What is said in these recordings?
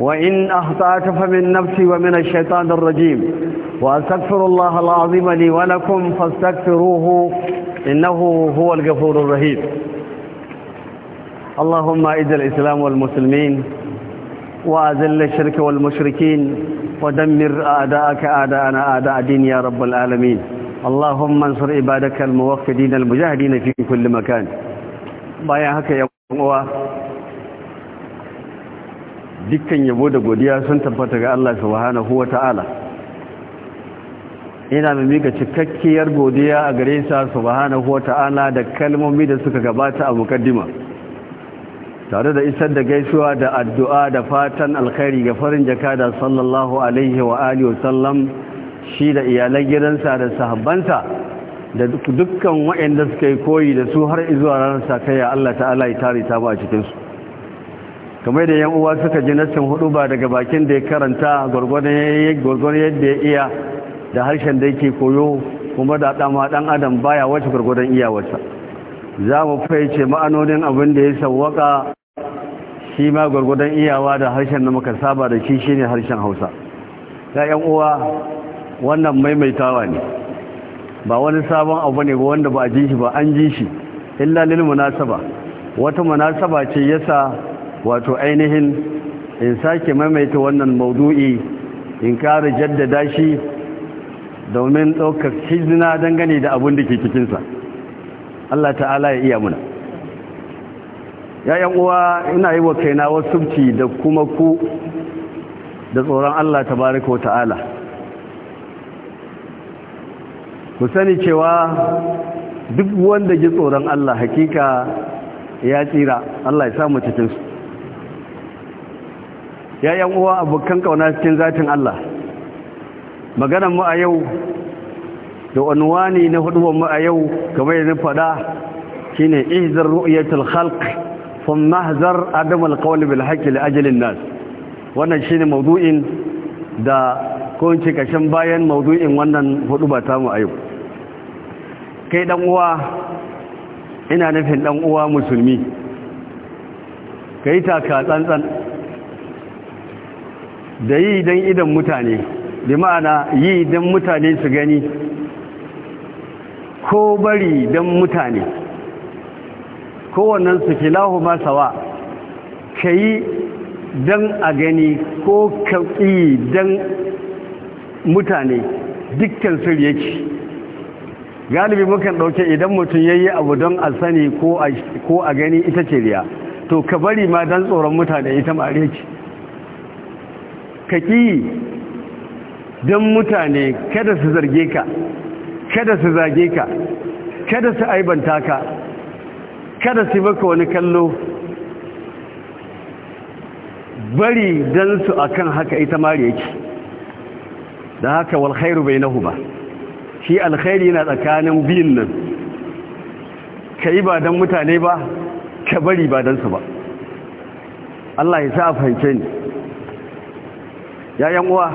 وإن أخطأت فمن نفسي ومن الشيطان الرجيم وأستغفر الله العظيم لي ولكم فاستغفروه إنه هو الغفور الرحيم اللهم أعز الإسلام والمسلمين وأذل الشرك والمشركين ودمر أعداءك أعداءنا أعداء دين يا رب العالمين اللهم انصر عبادك الموقدين المجاهدين في كل مكان بايعك يا dukkan yabo da godiya sun tabbata ga Allah subhanahu wa ina mai mika cikakkiyar godiya a gare sa subhanahu wa da kalmomi da suka gabata a mukaddima tare da isar da gaisuwa da addu'a da fatan alkhairi ga farin jakada sallallahu alaihi wa alihi wasallam shi da iyalan gidansa da sahabbansa da dukkan waɗanda suka yi koyi da su har zuwa ranar sakaya Allah ta'ala ya tare ta ba a cikinsu kamar da yan uwa suka ji nassin hudu ba daga bakin da ya karanta gwargwadon yadda ya iya da harshen da yake koyo kuma da dama dan adam baya wace gwargwadon iyawarsa za mu faice ma'anonin abin da ya sauwaka shi ma gwargwadon iyawa da harshen da muka saba da shi shine harshen hausa ga yan uwa wannan maimaitawa ne ba wani sabon abu ne ba wanda ba a ji shi ba an ji shi illa lil munasaba wata munasaba ce yasa wato ainihin in sake maimaita wannan maudu'i in kara jaddada shi domin ɗaukar hizina dangane da abun da ke cikinsa Allah ta'ala ya iya muna yayan uwa ina yi wa kaina wasubci da kuma ku da tsoron Allah tabaraka wa ta'ala ku sani cewa duk wanda ji tsoron Allah hakika ya tsira Allah ya samu cikinsu ya yan uwa abokan kauna cikin zatin Allah maganar mu a yau da unwani na hudubar mu a yau kamar yadda fada shine ihzar ru'yatul khalq from mahzar adam alqawl bil haqq li ajalin nas wannan shine mawdu'in da ko in kashin bayan mawdu'in wannan hudubar ta mu a yau kai dan uwa ina nufin dan uwa musulmi kai taka tsantsan da yi don idan mutane da ma'ana yi don mutane su gani ko bari don mutane wannan su filahu masawa ka yi don a gani ko ka yi don mutane dukkan sir yake galibi mukan ɗauke idan mutum ya yi abu don a sani ko a gani ita ce riya to ka bari ma don tsoron mutane ita ma ka ƙi don mutane kada su zarge ka kada su zage ka kada su aibanta ka kada su baka wani kallo bari don su akan haka ita mari yake da haka walhairu bai nahu ba shi alkhairi yana tsakanin biyun nan ka yi ba don mutane ba ka bari ba don su ba Allah ya sa a fahimce ni yayan uwa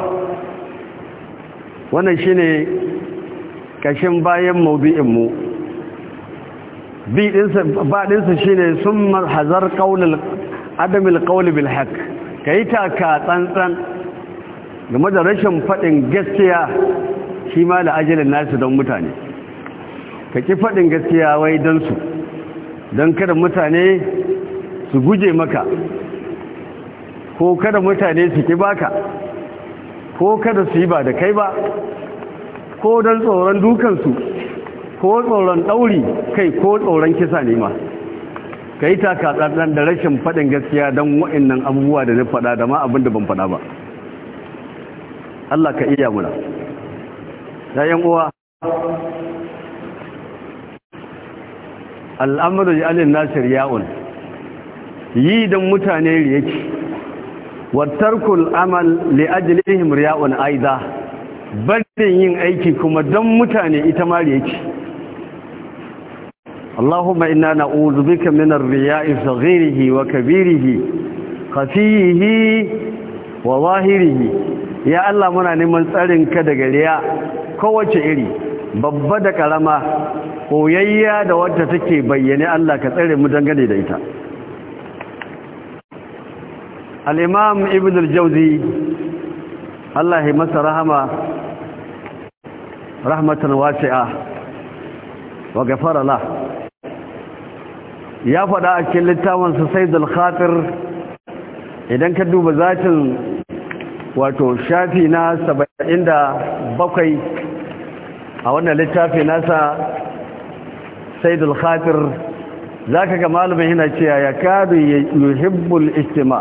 wannan shi ne ƙashin bayan maudu'inmu bi shi ne sun shine summa hazar qaulul adam alqaul bil Ka yi taka tsantsan game da rashin faɗin gaskiya shi ma da ajiyar nasu don mutane ka ki faɗin gaskiya wai don su don kada mutane su guje maka ko kada mutane su ki baka ko kada su yi ba da kai ba ko don tsoron dukansu ko tsoron ɗauri kai ko tsoron kisa ne ma ka yi taka tsarnan da rashin faɗin gaskiya don wa'innan abubuwa da na faɗa da ma abin da ban faɗa ba Allah ka iya muna ɗayan uwa al'amuru ya alin nasir ya'un yi don mutane riyaki wattarkul amal li ajlihim riya'un aida barin yin aiki kuma dan mutane ita ma inna na'udhu bika min ar-riya'i saghirihi wa kabirihi khafihi wa zahirihi Ya Allah muna neman tsarin ka daga riya kowace iri babba da karama koyayya da wadda take bayyane Allah ka tsare mu dangane da ita al'imam ibn al-jauzi Allah yi masa rahama rahmatan wasi'a wa gafara la ya faɗa a cikin su sai khatir idan ka duba zafin wato shafi na saba'in da bakwai, a wannan littafi nasa sai saidul za ka ga malamin yana cewa ya kadu yuhibbul istima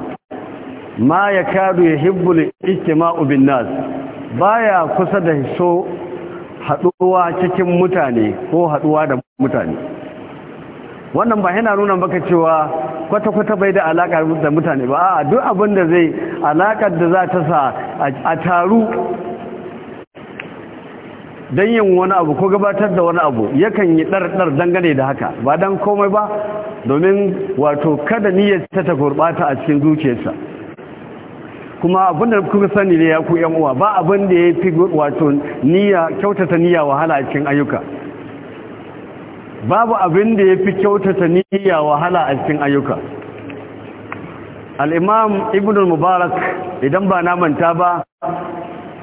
ma ya kadu ya hibbul ijtima'u bin nas baya kusa da so haduwa cikin mutane ko haduwa da mutane wannan ba yana nuna maka cewa kwata-kwata bai da alaka da mutane ba a duk abin da zai alaƙar da za ta sa a taru don yin wani abu ko gabatar da wani abu yakan yi ɗarɗar dangane da haka ba don komai ba domin wato kada niyyar ta ta gurbata a cikin zuciyarsa kuma abinda kuka sani ne ya ku yan uwa ba abin da ya fi wato niyya kyautata niyya wahala a cikin ayyuka babu abin da ya fi kyautata niyya wahala a cikin ayyuka al'imam ibn mubarak idan ba na manta ba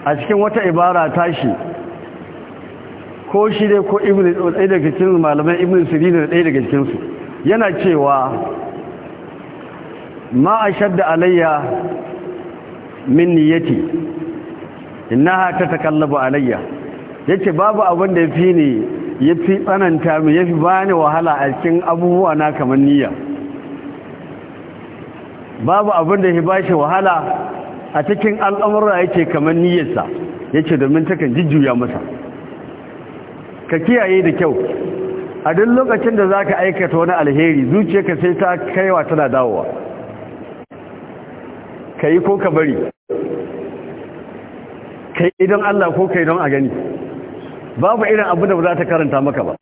a cikin wata ibara tashi ko shi dai ko ibn ɗaya daga cikin malamai ibn sirina ɗaya daga cikinsu yana cewa ma a shadda alayya min niyyati innaha tatakallabu alayya yace babu abin da yafi ne yafi tsananta mu yafi bani wahala a cikin abubuwa na kamar niyya babu abin da ya bashi wahala a cikin al'amura yake kamar niyyarsa yace domin takan jijjuya masa ka kiyaye da kyau a duk lokacin da zaka aikata wani alheri zuciyarka sai ta kaiwa tana dawowa ka ko ka bari kai idan Allah ko kai don a gani babu irin abu da ba za ta karanta maka ba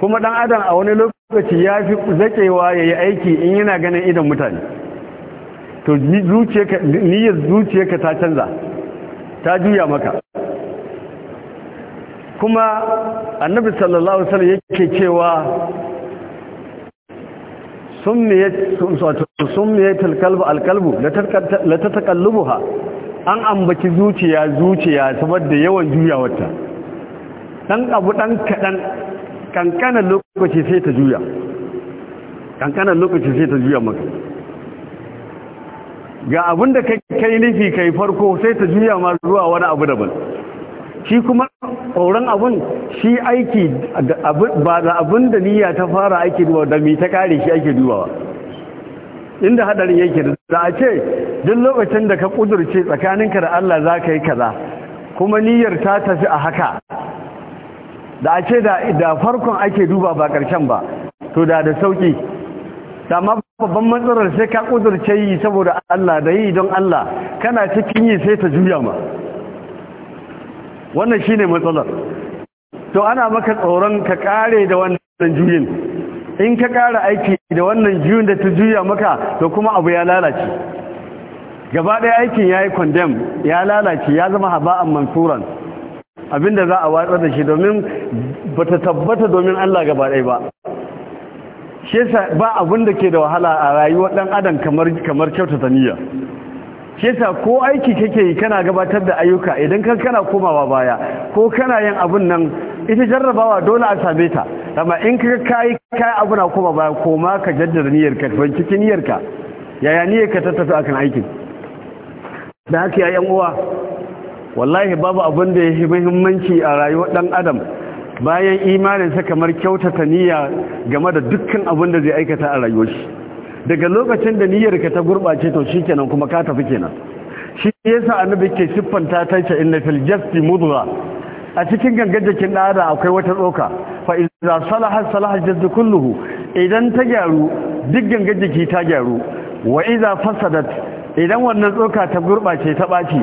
kuma dan adam a wani lokaci ya fi zakewa ya yi aiki in yana ganin idan mutane to niyyar zuciyarka ta canza ta juya maka kuma annabi sallallahu alaihi yake cewa summiyat summiyatul qalb alqalbu la ha an ambaci zuciya zuciya saboda yawan juya wata. dan abu dan kadan kankanan lokaci sai ta juya kankanan lokaci sai ta juya maka ga abin da kai nufi kai farko sai ta juya ma zuwa wani abu daban shi kuma tsoron abin shi aiki ba da abin da niyya ta fara aiki duwa da mai ta kare shi ake duwawa inda hadarin yake da a ce duk lokacin da ka kudurce tsakaninka da Allah za ka yi kaza kuma niyyar ta tafi a haka da a ce da farkon ake duba ba ƙarshen ba to da da sauƙi Da ma babban matsalar sai ka kudurce yi saboda Allah da yi don Allah kana cikin yi sai ta juya ma wannan shi ne matsalar to ana maka tsoron ka kare da wannan juyin in ka ƙara aiki da wannan juyin da ta juya maka to kuma abu ya lalace gaba ɗaya aikin ya yi kondem ya lalace ya zama haba'an mansuran abinda za a watsar da shi domin ba ta tabbata domin Allah gaba ɗaya ba shi yasa ba abin ke da wahala a rayuwar ɗan adam kamar kamar kyautata niyya shi yasa ko aiki kake yi kana gabatar da ayyuka idan kan kana komawa baya ko kana yin abun nan ita jarrabawa dole a same ta amma in ka kai kai abu na koma baya koma ka jaddada niyyarka ban cikin niyyarka yaya niyyarka ta tafi akan aikin da haka ya yan uwa wallahi babu abin da ya yi muhimmanci a rayuwar dan adam bayan imaninsa kamar kyautata niyya game da dukkan abin da zai aikata a rayuwar shi daga lokacin da niyyarka ta gurbace to shikenan kuma ka tafi kenan shi yasa annabi ke siffanta ta ce inna fil jasti mudgha a cikin gangar jikin adam akwai wata doka. fa idza salaha salaha jasdu kulluhu idan ta gyaru duk gangan jiki ta gyaru wa idza fasadat idan wannan tsoka ta gurɓace ta ɓaci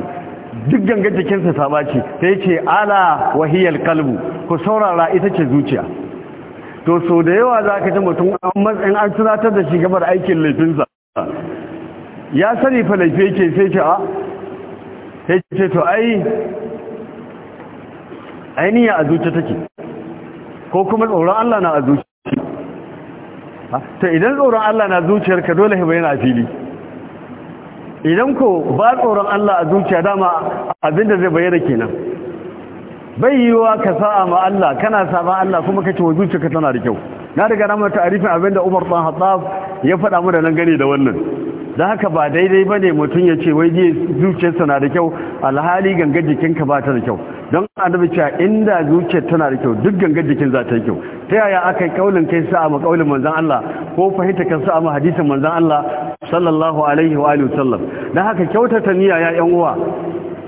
duk gangar jikinsa ta ɓaci sai ce ala wahiyar kalbu ku saurara ita ce zuciya to so da yawa za ka ji mutum in an tunatar da shi gabar aikin laifinsa ya sani fa laifi yake sai ce a ah, sai ce to ai ainiya a zuciya take ko kuma tsoron Allah na a zuciya to idan tsoron Allah na zuciyarka dole ba yana fili idan ko ba tsoron Allah a zuciya dama abinda zai bayyana kenan bai yiwuwa ka sa'a ma Allah kana sa'a Allah kuma kace wa zuciya ka tana da kyau na riga na mata arifin abinda Umar bin Khattab ya faɗa mu da nan gani da wannan dan haka ba daidai bane mutum ya ce wai ji zuciyarsa na da kyau alhali gangar jikinka ba ta da kyau don annabi cewa inda zuciyar tana da kyau duk gangar jikin za ta yi kyau ta yaya aka yi kaulin kai sa'a ma kaulin manzon Allah ko fahimta kan sa'a ma hadisin manzon Allah sallallahu alaihi wa sallam dan haka kyautata niyya ya yan uwa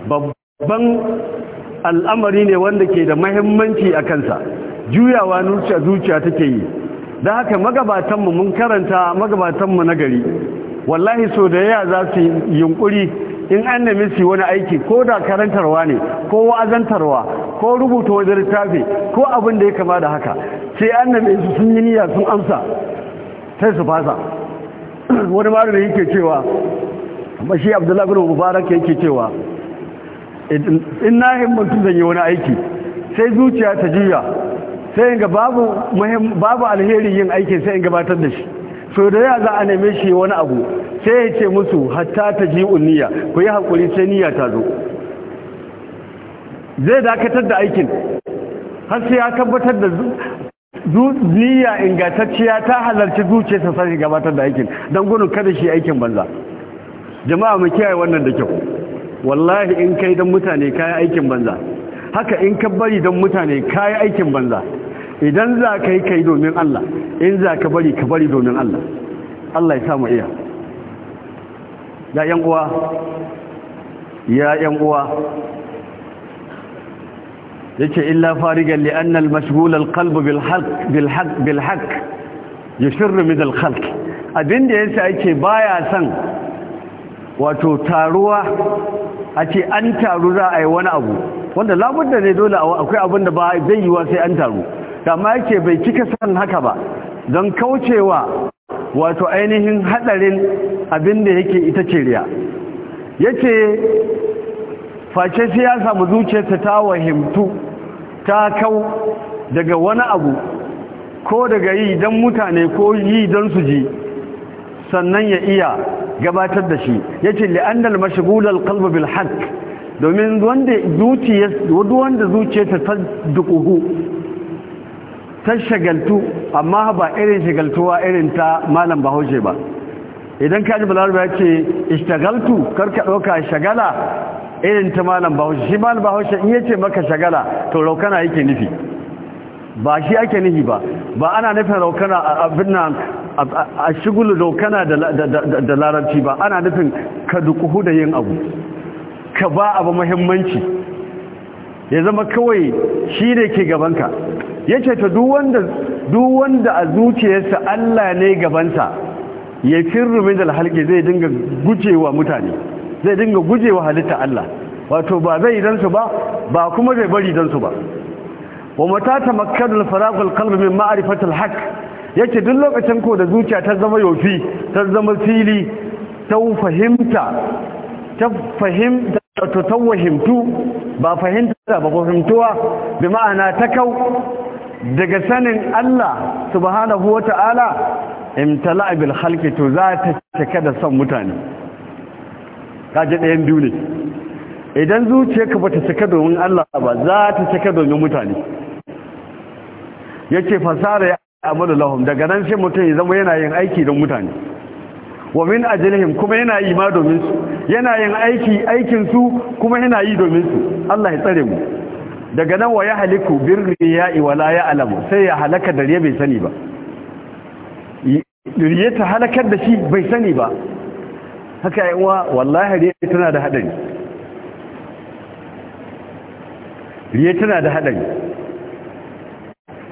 babban al'amari ne wanda ke da mahimmanci a kansa juyawa nuciya zuciya take yi dan haka mu mun karanta magabatanmu na gari wallahi so da yaya za su yunkuri in an nemi su wani aiki ko da karantarwa ne ko wazantarwa ko rubuta wajen littafi ko abin da ya kama da haka sai an nemi su sun yi niyya sun amsa sai su fasa wani malami yake cewa amma shi abdullahi bin mubarak yake cewa in na himmatu zan yi wani aiki sai zuciya ta juya sai inga babu babu alheri yin aikin sai in gabatar da shi so da ya za a neme shi wani abu sai ya ce musu hatta ta ji unniya ku yi hakuri sai niyya ta zo zai dakatar da aikin har sai ya tabbatar da niyya ingantacciya ta halarci sa sai gabatar da aikin don gudun kada shi aikin banza jama'a mu kiyaye wannan da kyau wallahi in kai don mutane kai aikin banza haka in ka bari don mutane kai aikin banza idan za ka yi kai domin Allah in za ka bari ka bari domin Allah Allah ya samu iya ya yan uwa ya yan uwa yake illa farigan li anna al mashghul al qalb bil haqq bil haqq bil haqq yushir min al khalq da yasa ake baya san wato taruwa a an taru za a yi wani abu wanda labudda ne dole akwai abin da ba zai yiwa sai an taru amma yake bai kika san haka ba don kaucewa wato ainihin hadarin abin da yake ita ce riya yace face sai ya samu zuciyarsa ta wahimtu ta kau daga wani abu ko daga yi don mutane ko yi don su ji sannan ya iya gabatar da shi ya ce li'andal mashigulal kalba bil haq domin wanda zuciyarsa ta dukuhu ta shagaltu amma ba irin shagaltuwa irin ta malam bahaushe ba idan kaji balarabe ya ce ishtagaltu karka ɗauka shagala irin ta malam bahaushe shi malam bahaushe in yace maka shagala to raukana yake nufi ba shi ake nufi ba ba ana nufin raukana abin nan a shigulu raukana da larabci ba ana nufin ka dukuhu da yin abu ka ba abu muhimmanci ya zama kawai shi ne ke gabanka ya ce ta duwanda a zuciyarsa Allah ne gabansa ya firrumin da halke zai dinga gujewa mutane zai dinga guje wa halitta Allah wato ba zai dan su ba ba kuma zai bari dan su ba wa mata tamakkanu al-faraq min ma'rifati haqq yake duk lokacin ko da zuciya ta zama yofi ta zama fili ta fahimta ta fahimta to ta wahimtu ba fahimta ba fahimtuwa bi ma'ana ta kau daga sanin Allah subhanahu wata'ala imtala bil khalqi to za ta cika da son mutane kaji ɗayan biyu ne idan zuciyarka bata cika domin Allah ba za ta cika domin mutane yake fasara ya amalu lahum daga nan sai mutum ya zama yana yin aiki don mutane wa min ajlihim kuma yana yi ma domin su yana yin aiki aikin su kuma yana yi domin su Allah ya tsare mu daga nan wa ya haliku ya wa la ya'lamu sai ya halaka da riya bai sani ba riya ta halakar da shi bai sani ba haka yi uwa wallahi riya tana da haɗari riya tana da haɗari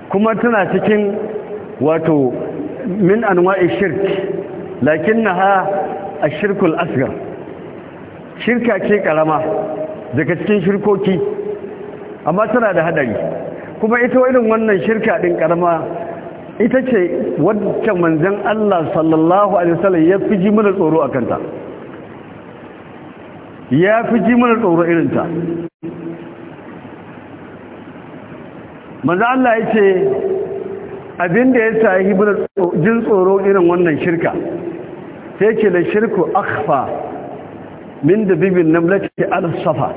kuma tana cikin wato min anwa'i shirk na ha a shirkul asgar. shirka ce karama daga cikin shirkoki amma tana da haɗari kuma ita irin wannan shirka ɗin karama ita ce wancan manzan Allah sallallahu alaihi wasallam ya fi ji mana tsoro a kanta ya fi ji mana tsoro irinta maza Allah ya ce abinda ya sa yi jin tsoro irin wannan shirka sai ce da shirku akfa min da bibin namlaki al-safa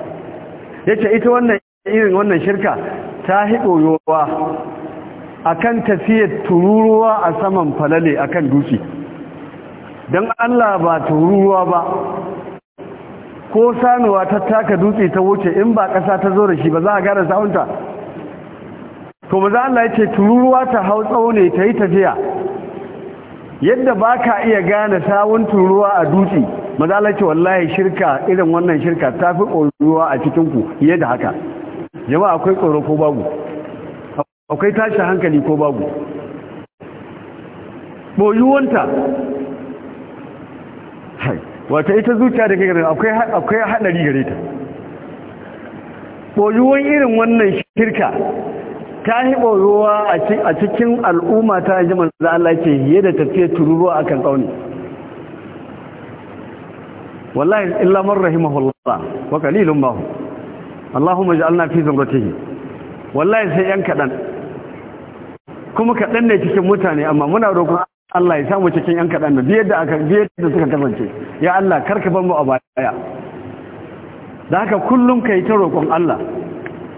ya ce ita wannan irin wannan shirka ta hiɗoyowa a kan tafiyar tururuwa a saman falale a kan dutse don Allah ba tururuwa ba ko sanuwa ta taka dutse ta wuce in ba ƙasa ta zo da shi ba za a gara sawunta to ba za Allah ya ce tururuwa ta hau tsawo ne ta yi tafiya yadda ba ka iya gane sawun tururuwa a dutse ba za Allah ya ce wallahi shirka irin wannan shirka ta fi ƙoruwa a cikinku fiye da haka jama'a akwai tsoro ko babu akwai tashi hankali ko babu boyuwanta hai wata ita zuciya da kai akwai haɗari gare ta ɓoyuwan irin wannan shirka ta yi ɓoyuwa a cikin al'umma ta ji da Allah ke yi da tafiye tururuwa a kan tsauni wallahi illamar rahimahullah wa kalilun bahu Allahumma alna fi zumratihi wallahi sai yan kaɗan kuma kaɗan ne cikin mutane amma muna roƙon Allah ya samu cikin yan kaɗan da biyar da suka kasance ya Allah karka ban mu a baya da haka kullum kai ta roƙon Allah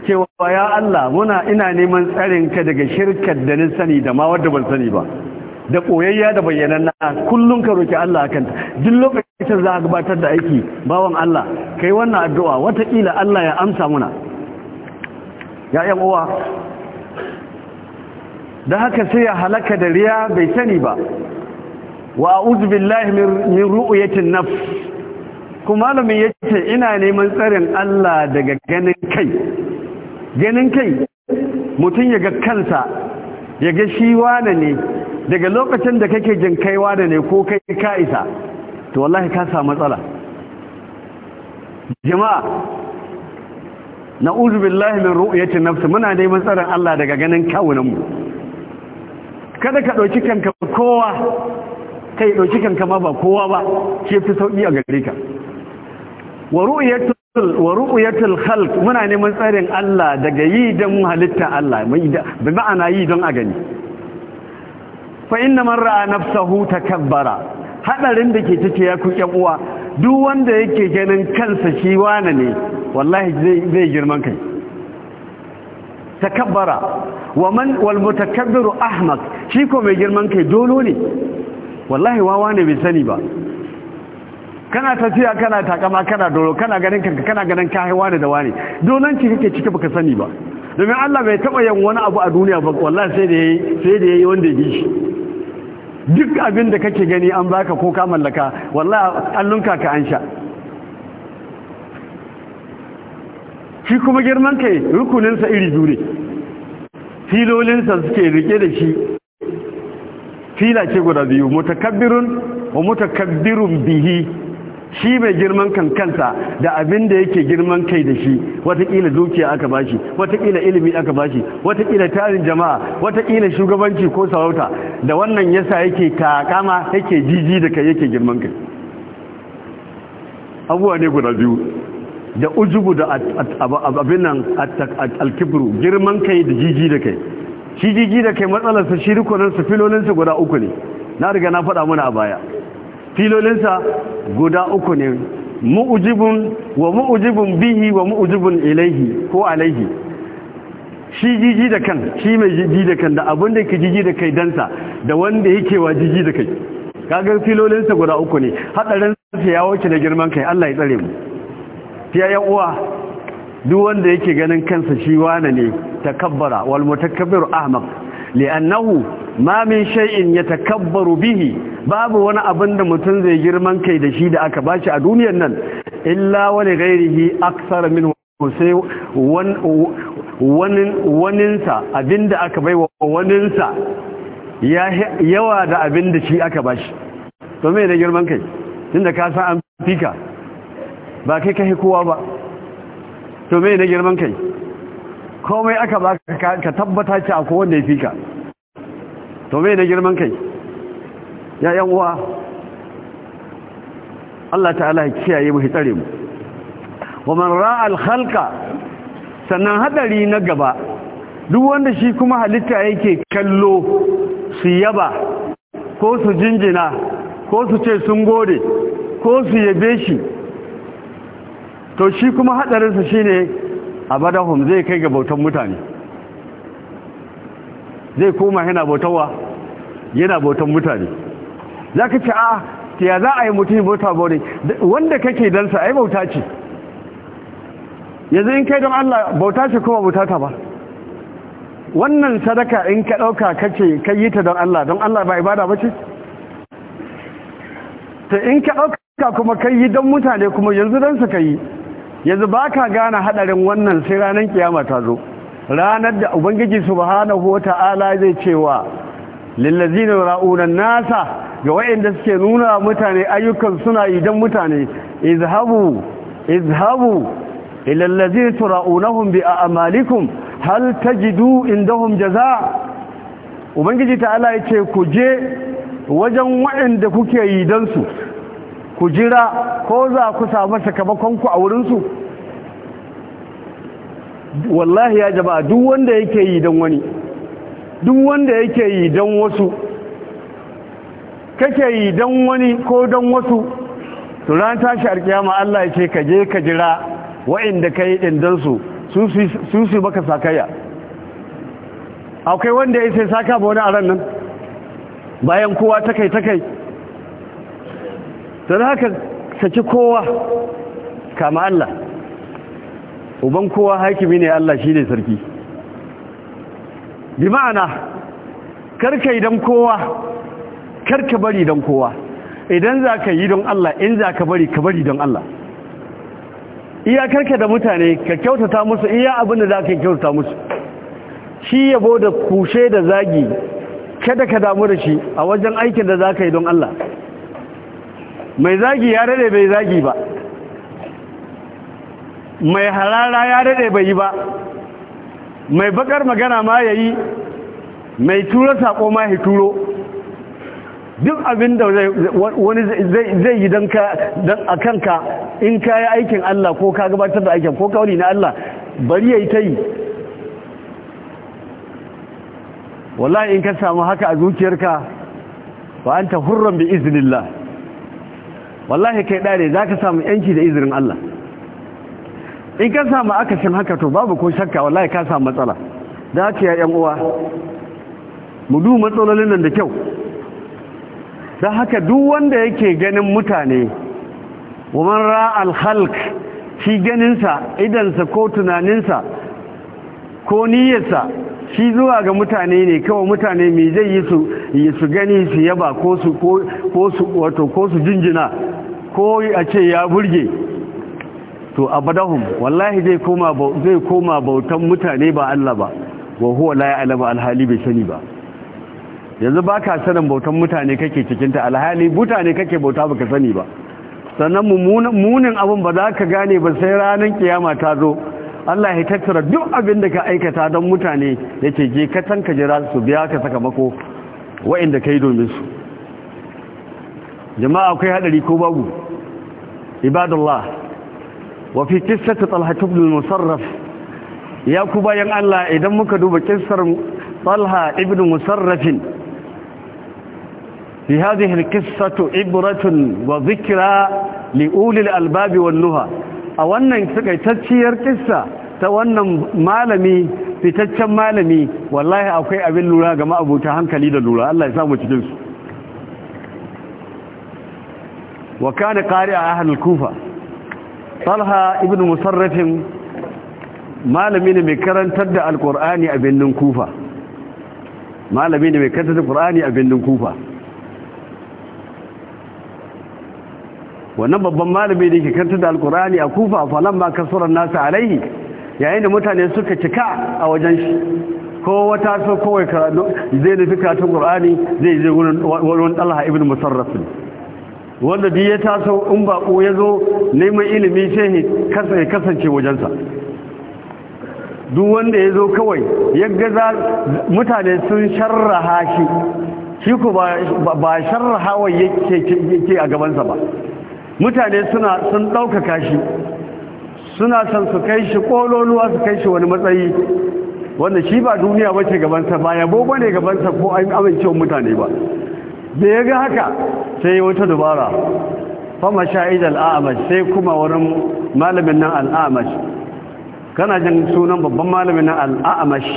cewa ya Allah muna ina neman tsarin ka daga shirkar da ni sani da ma wanda ban sani ba da koyayya da na kullum ka roki Allah akan ta duk lokacin za a gabatar da aiki bawan Allah kai wannan addu'a wataƙila Allah ya amsa muna ya uwa da haka sai ya halaka da riya bai sani ba wa a'udhu billahi min ru'yatin nafs kuma malamin yace ina neman tsarin Allah daga ganin kai ganin kai mutum ya ga kansa ya ga shi wane ne daga lokacin da kake jin kai wane ne ko kai ka isa to wallahi ka samu matsala jama'a na'udhu billahi min ru'yati nafs muna neman tsarin Allah daga ganin kawunan mu kada ka ɗauki kanka kowa kai ɗauki kanka ma ba kowa ba ke fi sauƙi a gare ka wa ru'yatul khalq muna neman tsarin Allah daga yi don halitta Allah bi ma'ana yi don a gani fa inna man ra'a nafsahu takabbara hadarin da ke cike ya ku uwa duk wanda yake ganin kansa shi wane ne wallahi zai girman kai takabbara wa man wal mutakabbiru ahmaq shi ko mai girman kai dolo ne wallahi wawa ne bai sani ba kana tafiya kana takama kana dolo kana ganin kanka kana ganin kai wani da wani dolanci kake cike baka sani ba domin Allah bai taba yin wani abu a duniya ba wallahi sai da yayi sai da yayi wanda yake shi duk abin da kake gani an baka ko ka mallaka wallahi allunka ka ansha shi kuma girman kai rukuninsa iri biyu ne filolinsa suke rike da shi fila ce guda biyu mutakabbirun wa mutakabbirun bihi shi mai girman kan kansa da abin da yake girman kai da shi watakila dukiya aka bashi watakila ilimi aka bashi watakila tarin jama'a watakila shugabanci ko sarauta da wannan yasa yake takama yake jiji da kai yake girman kai abuwa ne guda biyu da ujubu da abin nan alkibru girman kai da jiji da kai shi jiji da kai matsalarsa shi rukuninsa filolinsa guda uku ne na riga na faɗa muna a baya filolinsa guda uku ne mu'ujibun wa mu'ujibun bihi wa mu'ujibun ilaihi ko alaihi shi jiji da kan shi mai jiji da kan da abin da yake jiji da kai dansa da wanda yake wa jiji da kai kagar filolinsa guda uku ne hadarin sa ya wuce da girman kai Allah ya tsare mu ya uwa duk wanda yake ganin kansa shi wane ne takabbara wal mutakabbir ahmaq li'annahu ma min shay'in yatakabbaru bihi babu wani abin da mutum zai girman kai da shi da aka bashi a duniyar nan illa wani ghairihi aksar min sai waninsa abinda aka baiwa waninsa yawa da abinda shi aka bashi to me da girman kai tunda ka san an fika ba kai kai kowa ba to me na girman kai komai aka ba ka tabbata ce a wanda ya fi ka to me na girman kai ya yan uwa Allah ta'ala ya kiyaye mu hitsare mu wa man ra'a al-khalqa sannan hadari na gaba duk wanda shi kuma halitta yake kallo su yaba ko su jinjina ko su ce sun gode ko su yabe shi to shi kuma hadarinsa a abadahum zai kai ga bautan mutane zai koma yana bautawa yana bautan mutane Za ka ce a ah, ya za a yi mutum bauta bore wanda kake dan sa yi bauta ce yanzu in kai don Allah bauta ce kuma bauta ta ba wannan sadaka in ka dauka kace ka yi ta don Allah don Allah ba ibada bace ta in ka dauka kuma kai yi don mutane kuma yanzu dan sa kai yanzu ba ka gane haɗarin wannan sai ranar kiyama ta zo ranar da ubangiji subhanahu wa ta'ala zai cewa lillazina ra'unan nasa ga wayanda suke nuna mutane ayyukan suna idan mutane izhabu izhabu ila allazina tura'unahum bi a'malikum hal tajidu indahum jaza ubangiji ta'ala yace ku je wajen wayanda kuke yi dan su ku jira ko za ku samu sakamakonku a wurinsu wallahi ya jaba duk wanda yake yi don wani duk wanda yake yi don wasu kake yi don wani ko don wasu to ran tashi alkiyama Allah ya ce ka je ka jira wa'inda ka yi dan su su maka sakaya akwai wanda ya sai saka ba wani a ran nan bayan kowa takai takai don haka saki kowa kama Allah uban kowa hakimi ne Allah shi ne sarki bi ma'ana karka idan kowa karka bari don kowa idan za ka yi don Allah in za ka bari ka bari don Allah iya karka da mutane ka kyautata musu iya abin da za ka kyautata musu shi yabo da kushe da zagi kada ka damu da shi a wajen aikin da za ka yi don Allah mai zagi ya rade bai zagi ba mai harara ya rade bai yi ba mai bakar magana ma ya yi mai tura sako ma ya turo duk abin da wani zai yi don a kanka in ka yi aikin Allah ko ka gabatar da aikin ko kawai na Allah bari ya yi ta yi wallahi in ka samu haka a zuciyarka ba an ta hurran bi iznillah wallahi kai dare za ka samu yanki da izirin Allah in ka samu akasin haka to babu ko shakka wallahi ka samu matsala da haka ya yan uwa mu du matsalolin nan da kyau da haka duk wanda yake ganin mutane wa man ra'al khalq shi ganinsa idansa ko tunaninsa ko niyyarsa shi zuwa ga mutane ne kawai mutane mai zai yi su gani su yaba ko su wato ko su jinjina ko a ce ya burge to abadahum wallahi zai koma zai koma bautan mutane ba Allah ba wa huwa la ya'lamu alhali bai sani ba yanzu baka sanin bautan mutane kake cikin ta alhali mutane kake bauta baka sani ba sannan munin abun ba za ka gane ba sai ranar kiyama ta zo Allah ya tattara duk abin da ka aikata don mutane yake je ka tanka jira su biya ka saka mako wa'inda kai domin su jama'a akwai hadari ko babu عباد الله وفي قصة طلحة بن المصرف يا كوبا كباين الله إذا مكدوب قصة طلحة ابن مصرف في هذه القصة عبرة وذكرى لأولي الألباب والنهى أولا تتشير قصة توانا مالمي fitaccen malami wallahi akwai abin lura ga ma'abuta hankali da lura Allah ya samu cikinsu wa kana qari'a ahlul kufa talha ibn musarrif malami ne mai karantar da alqur'ani a birnin kufa malami ne mai karantar da alqur'ani a birnin kufa wannan babban malami ne ke karantar da alqur'ani a kufa falamma kasura nasu alaihi yayin da mutane suka cika a wajen shi ko wata so kowai zai nufi karatun qur'ani zai je wurin wani talha ibn musarrif wanda duk ya taso in bako ya zo neman ilimi shehi ya kasance wajensa duk wanda ya zo kawai ya gaza mutane sun sharraha shi shi ku ba sharrahawa yake a gabansa ba mutane suna sun ɗaukaka shi suna son su kai shi ƙololuwa su kai shi wani matsayi wanda shi ba duniya wace gabansa ba ya ba ne gabansa ko an amincewa mutane ba da ya ga haka sai wata dubara fama sha'id al'amash sai kuma wurin malamin nan al'amash kana jin sunan babban malamin nan al'amash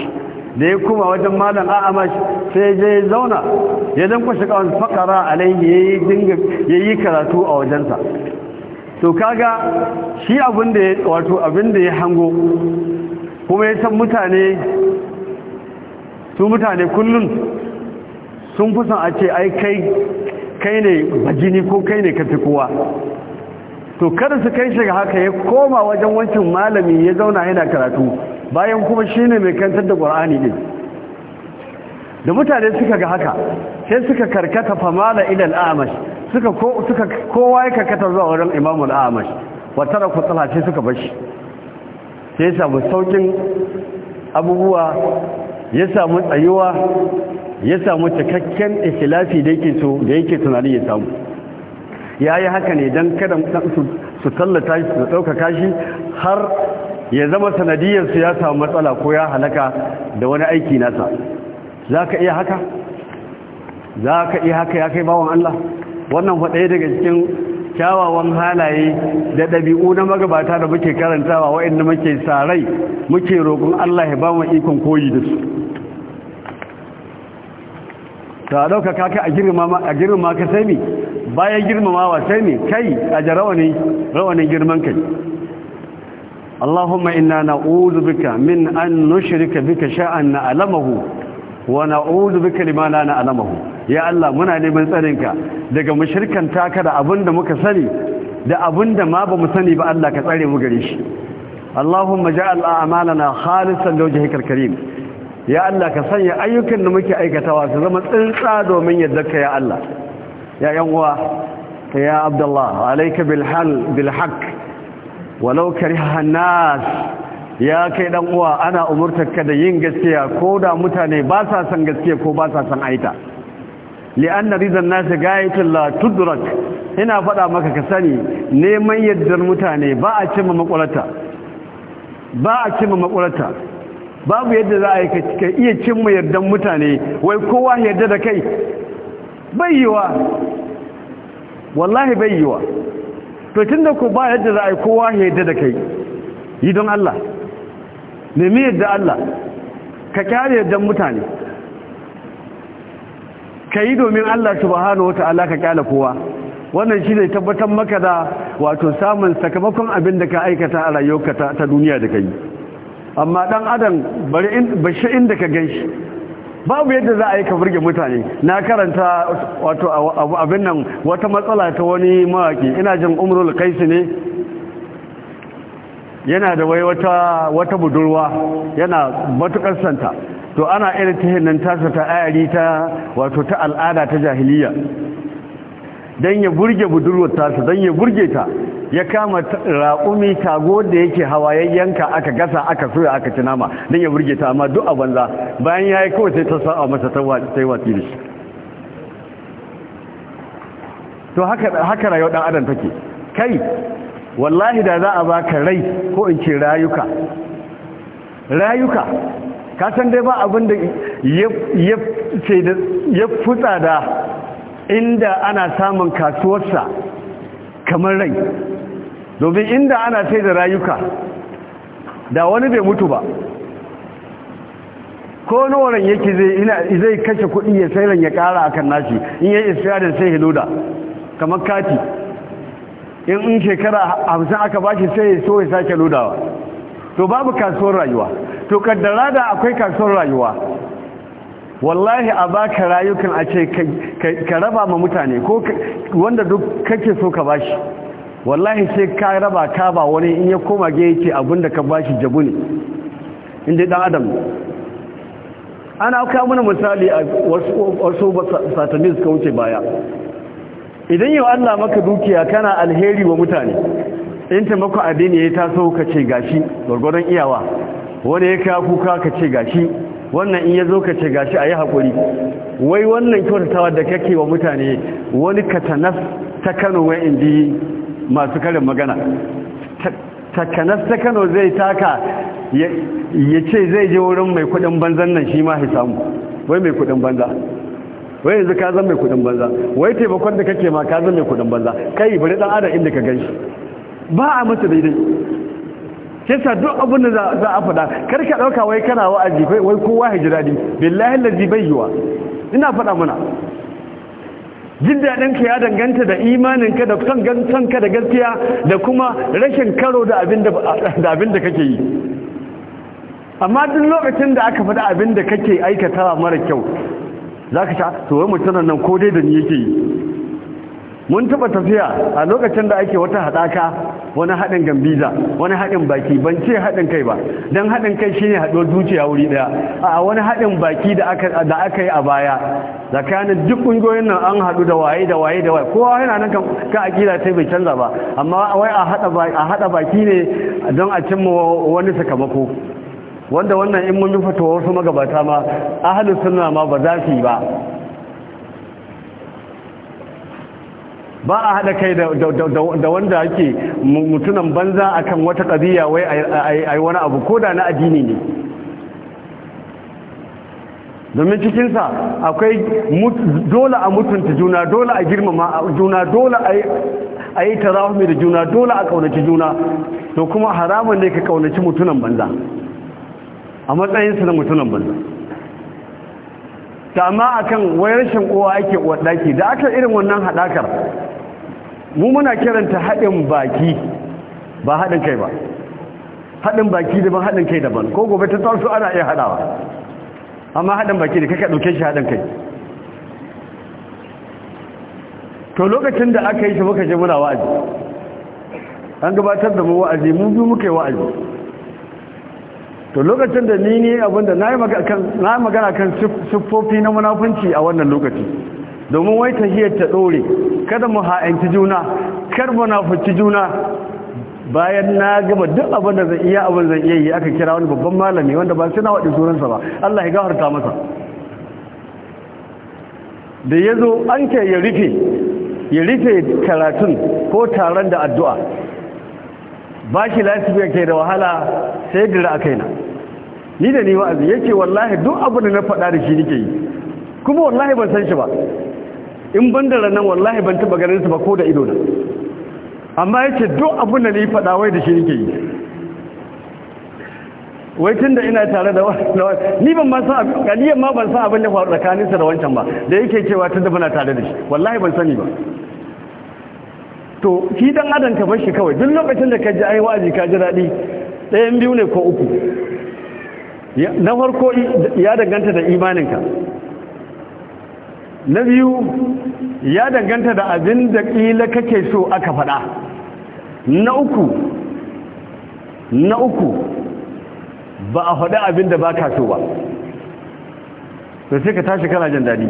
da ya kuma wajen malam al'amash sai je zauna ya dankwashe kawon fakara alaihi ya yi karatu a wajensa to kaga shi abinda ya wato abinda ya hango kuma ya san mutane su mutane kullum sun fi san a ce ai kai kai ne bajini ko kai ne kafi kowa to kada su kai shiga haka ya koma wajen wancan malami ya zauna yana karatu bayan kuma shine mai kantar da qur'ani din da mutane suka ga haka sai suka karkata mala ila al-amash suka ko suka kowa ya karkata zuwa wurin imamu al-amash wa taraku sai suka bashi sai ya samu saukin abubuwa ya samu tsayuwa ya samu cikakken ikhlasi da yake so da yake tunani ya samu yayi haka ne dan kada su tallata shi su ɗaukaka shi har ya zama sanadiyarsu ya samu matsala ko ya halaka da wani aiki nasa za ka iya haka za ka iya haka ya kai bawan Allah wannan faɗaya daga cikin kyawawan halaye da ɗabi'u na magabata da muke karantawa waɗanda muke sarai muke roƙon Allah ya ba mu ikon koyi da su ta ɗaukaka ka a girmama ka sai mi bayan wa sai mi kai a ji rawanin girman kai Allahumma inna na'udhu bika min an nushrika bika sha'an alamahu wa na'udhu bika lima la alamahu. ya Allah muna neman tsarinka daga mushrikan taka da abinda muka sani da abinda ma bamu sani ba Allah ka tsare mu gare shi Allahumma ja'al a'malana khalisan li wajhikal karim ya Allah ka sanya ayyukan da muke aikatawa su zama tsintsa domin yaddarka ya Allah ya yan uwa ya abdullah alayka bil hal bil haqq walau kariha nas ya kai dan uwa ana umurtarka da yin gaskiya ko da mutane ba sa san gaskiya ko ba sa san aita li'anna ridan nas gayatul la tudrak ina faɗa maka ka sani neman yaddar mutane ba a cimma makulata ba a cimma makulata babu yadda za a yi ka iya cimma yardan mutane wai kowa yarda da kai bayyiwa wallahi bayyiwa to tun da ku ba yadda za a yi kowa yarda da kai yi don Allah nemi yadda Allah ka kyare yardan mutane ka yi domin Allah subhanahu wata'ala ka kyala kowa wannan shi ne tabbatar maka da wato samun sakamakon abin da ka aikata a rayuwa ta duniya da ka yi amma dan adam bari in bashi inda ka ganshi babu yadda za a yi ka burge mutane na karanta wato abin nan wata matsala ta wani mawaki ina jin umrul kaisi ne yana da wai wata budurwa yana matukar santa to ana irin ta nan tasa ta ayari ta wato ta al'ada ta jahiliya don ya burge budurwar tasa don ya burge ta ya kama raƙumi tago da yake hawayen yanka aka gasa aka soya aka ci nama don ya burge ta amma duk a banza bayan ya yi kawai sai ta sa'a masa ta watsi da shi to haka rayuwar ɗan adam take kai wallahi da za a ba ka rai ko in ce rayuka rayuka kasan dai ba abin da ya futsa tsada inda ana samun kasuwarsa kamar rai domin inda ana sai da rayuka da wani bai mutu ba ko noran yake zai kashe kuɗi ya sairan ya ƙara akan nashi in yi da sai hiloda kamar kati in in shekara hamsin aka bashi sai ya so ya sake ludawa to babu kasuwar rayuwa to kaddara da akwai kasuwar rayuwa wallahi a baka rayukan a ce ka raba ma mutane ko wanda duk kake so ka bashi wallahi sai ka raba ka ba wani in ya koma ga yake abinda ka bashi jabu ne inda dan adam ana kawo mana misali a wasu satanis ka wuce baya idan yau Allah maka dukiya kana alheri wa mutane in taimako addini ya taso ka ce gashi gwargwaron iyawa wani ya kaya kuka ka ce gashi wannan in ya zo ka ce gashi a yi haƙuri wai wannan kyautatawa da kake wa mutane wani katanas ta kano wai in ji masu karin magana takanas ta kano zai taka ya ce zai je wurin mai kudin banzan nan shi ma ya samu wai mai kudin banza wai yanzu ka zan mai kudin banza wai taimakon da kake ma ka zan mai kudin banza kai bari dan adam inda ka gan shi ba a masa daidai kesa duk abin da za a faɗa kar ka ɗauka wai kana wa'azi wai kowa ya daɗi billahi lazi bai yiwa ina faɗa muna. jin daɗinka ya danganta da imanin ka da son gantan da gaskiya da kuma rashin karo da abin da kake yi amma duk lokacin da aka faɗa abin da kake aikata mara kyau zaka sha to wai mutanen nan ko dai da ni yake yi mun taɓa tafiya a lokacin da ake wata haɗaka wani haɗin gambiza wani haɗin baki ban ce haɗin kai ba don haɗin kai shine haɗuwar zuciya wuri ɗaya a wani haɗin baki da aka yi a baya tsakanin duk ƙungiyoyin nan an haɗu da waye da waye da waye kowa yana nan ka akida sai bai canza ba amma wai a haɗa baki ne don a cimma wani sakamako wanda wannan in mun yi fatawa wasu magabata ma ahalin sunna ma ba za su yi ba ba a haɗa kai da wanda ake mutunan banza akan wata ƙabiya wai a yi wani abu ko da na addini ne domin cikinsa akwai dole a mutunta juna dole a girmama juna dole a yi tarahumi da juna dole a ƙaunaci juna to kuma haramun ne ka ƙaunaci mutunan banza a matsayinsu na mutunan banza ta amma akan wayar shan kowa ake ke da aka irin wannan haɗakar mu muna kiranta haɗin baki ba haɗin kai ba haɗin baki daban haɗin kai daban ko gobe ta tsarsu ana iya haɗawa amma haɗin baki da kaka ɗauke shi haɗin kai to lokacin da aka yi shi muka je muna wa'azi an gabatar da mu wa'azi mu biyu muka yi wa'azi to lokacin da ni ne abinda na yi magana kan siffofi na munafunci a wannan lokaci domin wai ta hiyar ta ɗore, kada mu ha'inci juna kar mu nafuci juna bayan na gaba duk abin da zai iya abin zai iya yi aka kira wani babban malami wanda ba sai na waɗin sunansa ba Allah ya gafarta masa da ya zo an ke ya rufe ya rufe karatun ko taron da addu'a ba shi lafiya ke da wahala sai dira a kaina ni da ni wa'azi ya wallahi duk abin da na faɗa da shi nike yi kuma wallahi ban san shi ba in ban da ranar wallahi ban taba ganin su ba ko da ido na amma yace duk abin da ni fada wai da shi nake yi wai tun da ina tare da wani ni ban san abin kaliyan ma ban san abin da faru sa da wancan ba da yake cewa tun da muna tare da shi wallahi ban sani ba to shi dan adam ka bar shi kawai duk lokacin da ka ji ai wa'azi ka ji daɗi ɗayan biyu ne ko uku na farko ya danganta da imaninka na biyu ya danganta da abin da ƙila kake so aka faɗa na uku na uku ba a faɗi abin da ba ka so ba to sai ka tashi kana jin daɗi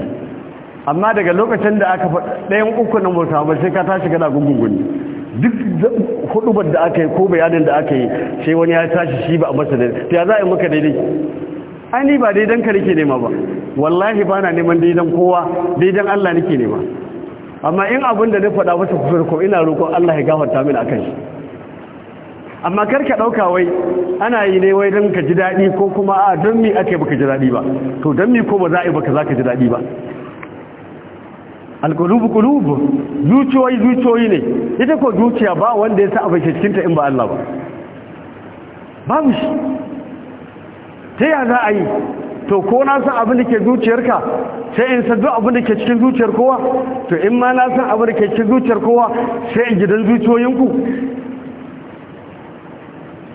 amma daga lokacin da aka faɗa ɗayan uku na mota ba sai ka tashi kana gungunguni duk hudubar da aka yi ko bayanin da aka yi sai wani ya tashi shi ba a masa da ya za a yi maka daidai ani ba daidan ka nake nema ba wallahi ba na neman daidan kowa daidan Allah nake nema amma in abin da na faɗa masa kusur ko ina roƙon Allah ya gafarta mini akan shi amma kar ka ɗauka wai ana yi ne wai don ka ji daɗi ko kuma a don mi ake baka ji daɗi ba to don mi ko ba za a yi baka za ka ji daɗi ba alƙulubu ƙulubu zuciyoyi zuciyoyi ne ita ko zuciya ba wanda ya sa a bai cikinta in ba Allah ba babu shi Sai ya za a yi to ko na san abin da ke zuciyarka sai in san duk abin da ke cikin zuciyar kowa to in ma na san abin da ke cikin zuciyar kowa sai in gidan zuciyoyinku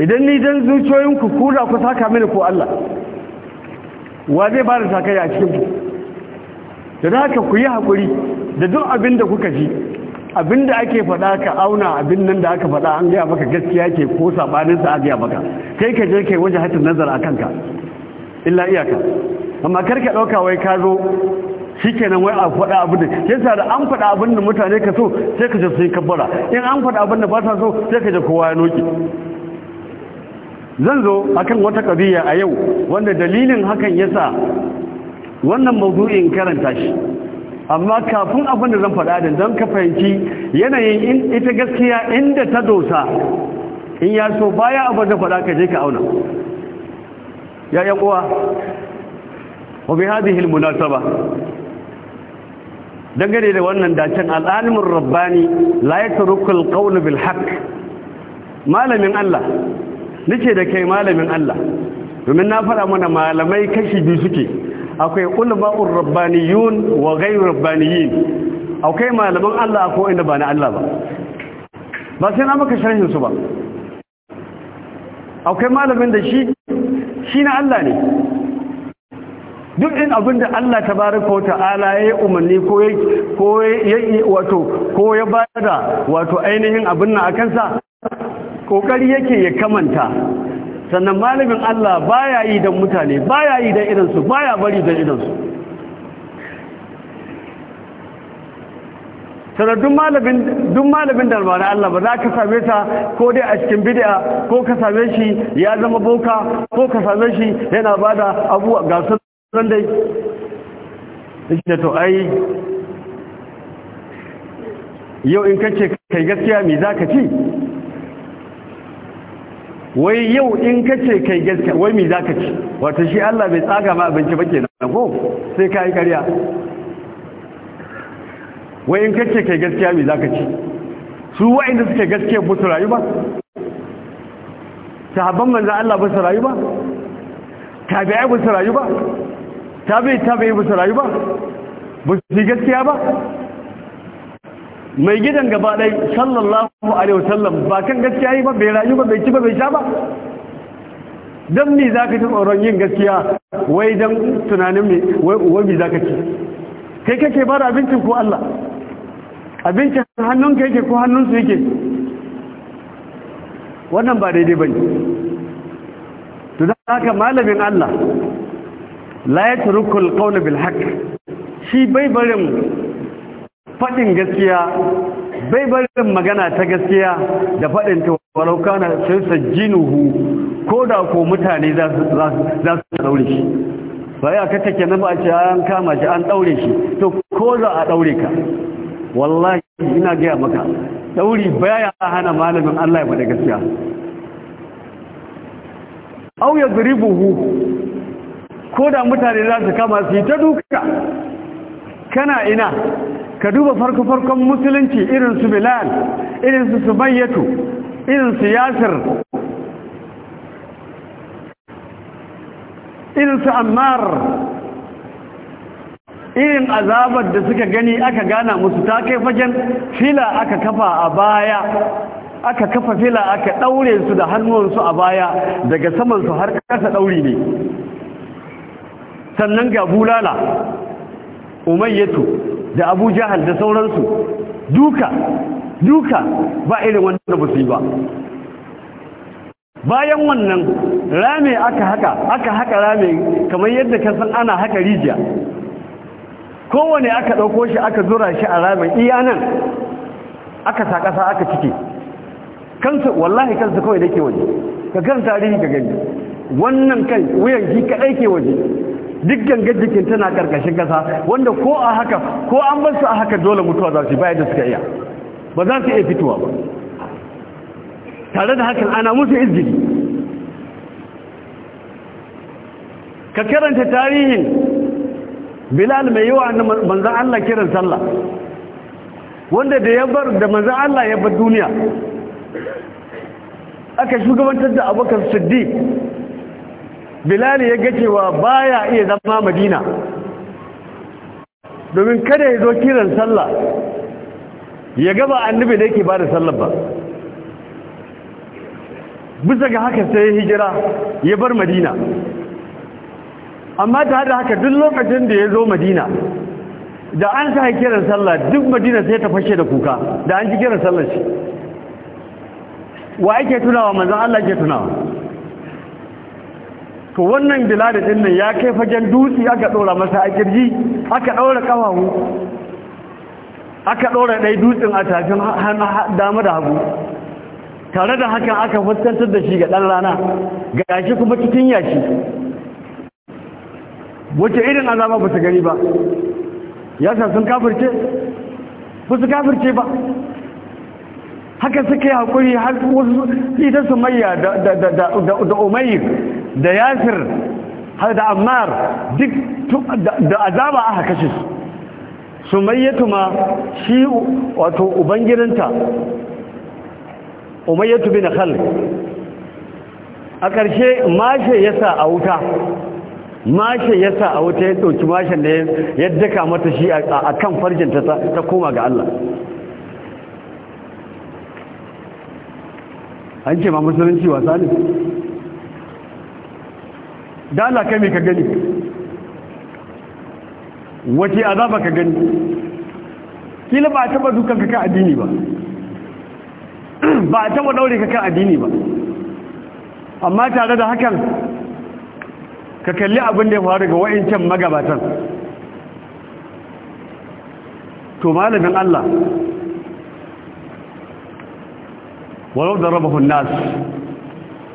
idan ni dan zuciyoyinku ku da ku saka mini ko Allah wa zai ba da sakaya a cikin ku da haka ku yi hakuri da duk abin da kuka ji Abin da ake faɗa ka auna abin nan da aka faɗa an gaya maka gaskiya ke ko sabaninsa a gaya maka kai ka je kai waje hatin nazar a kanka illa iyaka amma kar ka ɗauka wai ka zo shi kenan wai a faɗa abin da ya sa da an faɗa abin da mutane ka so sai ka je su yi kabbara in an faɗa abin da ba sa so sai ka je kowa ya noki zan zo akan wata ƙabiya a yau wanda dalilin hakan ya sa wannan mawdu'in karanta shi amma kafin abin da zan faɗa da don ka fahimci yanayin ita gaskiya inda ta dosa in ya so baya abin da faɗa ka je ka auna ya yan uwa wa bi hadhihi al munasaba dangane da wannan dacen al'alimin rabbani la yatruku al qawl malamin Allah nake da kai malamin Allah domin na faɗa mana malamai kashi biyu suke akwai ulama'ur rabbaniyun wa ghayr rabbaniyin akwai malaman Allah ko inda ba na Allah ba ba sai na maka sharhin su ba akwai malamin da shi shi na Allah ne duk in abin da Allah ta baraka ta'ala ya yi umarni ko ya wato ko ya bada wato ainihin abin nan a kansa kokari yake ya kamanta sannan malamin Allah baya yi don mutane baya yi don idansu baya bari don idansu sannan duk malamin da na Allah ba za ka same ta ko dai a cikin bidiya ko ka same shi ya zama boka ko ka same shi yana ba da abuwa ga sun dai da to ai yau in kace kai gaskiya me za ka ci wai yau in ka ce kai gaskiya wai mi za ka ci wata shi Allah bai tsaga ma abinci ba ke nan ko sai ka yi karya wai in ka ce kai gaskiya mi za ka ci su wa'inda suke gaskiya ba su rayu ba sahabban manza Allah ba su rayu ba tabi'ai ba su rayu ba Ta tabi'i ba su rayu ba ba su gaskiya ba mai gidan gaba ɗai sallallahu alaihi wasallam ba kan gaskiya yi ba bai rayu ba bai ci ba bai sha ba don me za ka ci tsoron yin gaskiya wai don tunanin me wai za ka ci kai kake ba da abincin ko Allah abincin hannun ka yake ko hannun su yake wannan ba daidai ba ne to za haka malamin Allah la ya turukul qawla bil haqq shi bai barin faɗin gaskiya bai barin magana ta gaskiya da faɗin ta walau kana sai sajjinuhu ko da ko mutane za su daure shi bai aka take na ba ce an kama shi an daure shi to ko za a daure ka wallahi ina gaya maka dauri baya hana malamin Allah ya faɗa gaskiya au ya zuribuhu ko da mutane za su kama su yi ta duka kana ina ka duba farko-farkon musulunci irin su bilal irin su subayyatu irin su yasir irin su ammar irin azabar da suka gani aka gana musu ta kai fagen fila aka kafa a baya aka kafa fila aka daure su da hannuwansu a baya daga samansu har kasa ɗauri ne sannan ga bulala umayyatu da abu jahal da sauransu duka duka ba irin wanda ba su ba bayan wannan rame aka haka aka haka rame kamar yadda ka san ana haka rijiya kowane aka ɗauko shi aka zura shi a rame iya nan aka sa ƙasa aka cike kansa wallahi kansa kawai da ke waje ka gan tarihi ka gani wannan kai wuyan ji kaɗai ke waje duk gangar jikin tana karkashin kasa wanda ko a haka ko an bar su a haka dole mutuwa za su bayar da suka iya ba za su iya fitowa ba tare da hakan ana musu izini ka karanta tarihin bilal mai yawa na manzan Allah kiran sallah wanda da ya bar da manzan Allah ya bar duniya aka shugabantar da abokan siddiq bilal ya ga cewa baya iya zama madina domin kada ya zo kiran sallah ya gaba annabi da yake ba da sallah ba bisa ga haka sai hijira ya bar madina amma ta da haka duk lokacin da ya zo madina da an sa kiran sallah duk madina sai ta fashe da kuka da an ji kiran sallah shi wa ake tunawa manzan Allah ke tunawa to wannan bilal din nan ya kai fagen dutse aka ɗora masa a kirji aka ɗora kafahu aka ɗora dai dutsen a tafin dama da hagu tare da hakan aka fuskantar da shi ga ɗan rana ga shi kuma cikin yashi wace irin azama ba su gani ba ya san sun kafirce ba su kafirce ba haka suka yi haƙuri har wasu ita su mayya da umayyar da yasir har da ammar duk da azaba aka kashe su sumayyatu ma shi wato ubangirinta umayyatu bin khalq a ƙarshe mashe ya sa a wuta mashe ya sa a wuta ya ɗauki mashen da ya daka mata shi a kan farjinta ta koma ga Allah an ce ma musulunci wasa ne da Allah kai me ka gani wace azaba ka gani kila ba a taba dukan ka kan addini ba ba a taba daure ka kan addini ba amma tare da hakan ka kalli abin da ya faru ga wa'ancan magabatan to malamin Allah walau da rabahun nasu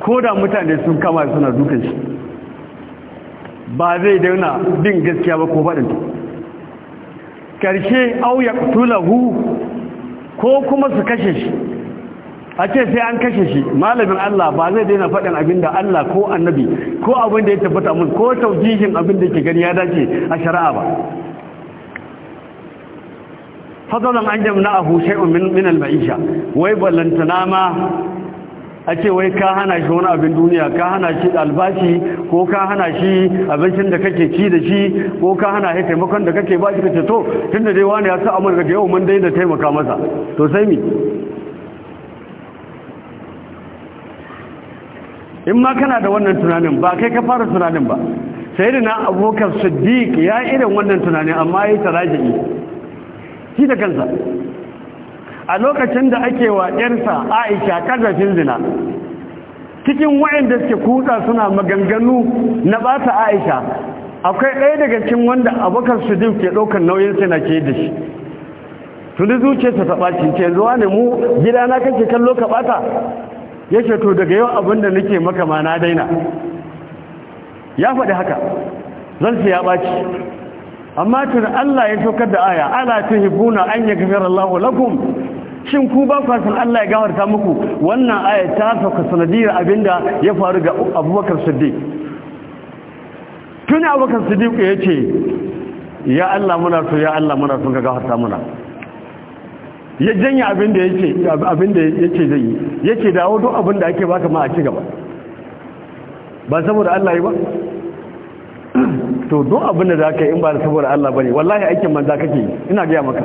ko da mutane sun kama suna dukan shi ba zai daina bin gaskiya ba ko faɗin karshe au ya tulahu ko kuma su kashe shi a ce sai an kashe shi malamin Allah ba zai daina faɗin abinda Allah ko annabi ko abin da ya tabbata mun ko taujihin abin da ke gani ya dace a shari'a ba fadalan an jamna ahu shay'un min al-ma'isha wai ballantana ma ake wai ka hana shi wani abin duniya ka hana shi albashi ko ka hana shi abincin da kake ci da shi ko ka hana shi taimakon da kake ba shi kace to tunda dai wani ya sa amurka da yau dai da taimaka masa to sai mi in ma kana da wannan tunanin ba kai ka fara tunanin ba sai da na abokan siddiq ya irin wannan tunanin amma ya yi taraji'i shi da kansa a lokacin da ake wa yarsa aisha kazafin zina cikin waɗanda suke kusa suna maganganu na bata aisha akwai ɗaya daga cikin wanda abokan su ke ɗaukar nauyin suna ke da shi tuni zuciyarsa ta ɓaci ce zuwa ne mu gidana kake kallo ka ɓata ya ce to daga yau abin da nake maka na daina ya faɗi haka zan ya ɓaci amma tun Allah ya shokar da aya ala hibuna an yaghfira Allahu lakum shin ku ba ku san Allah ya gafarta muku wannan aya ta sauka sanadiyar abinda ya faru ga Abubakar Siddiq tun Abubakar Siddiq yace ya Allah muna so ya Allah muna so ka gafarta muna ya janye abinda yake abinda yake zai yi yake dawo duk abinda ake baka ma a ci gaba ba saboda Allah yi ba to duk abinda zaka yi in ba saboda Allah bane wallahi aikin manza kake ina ga maka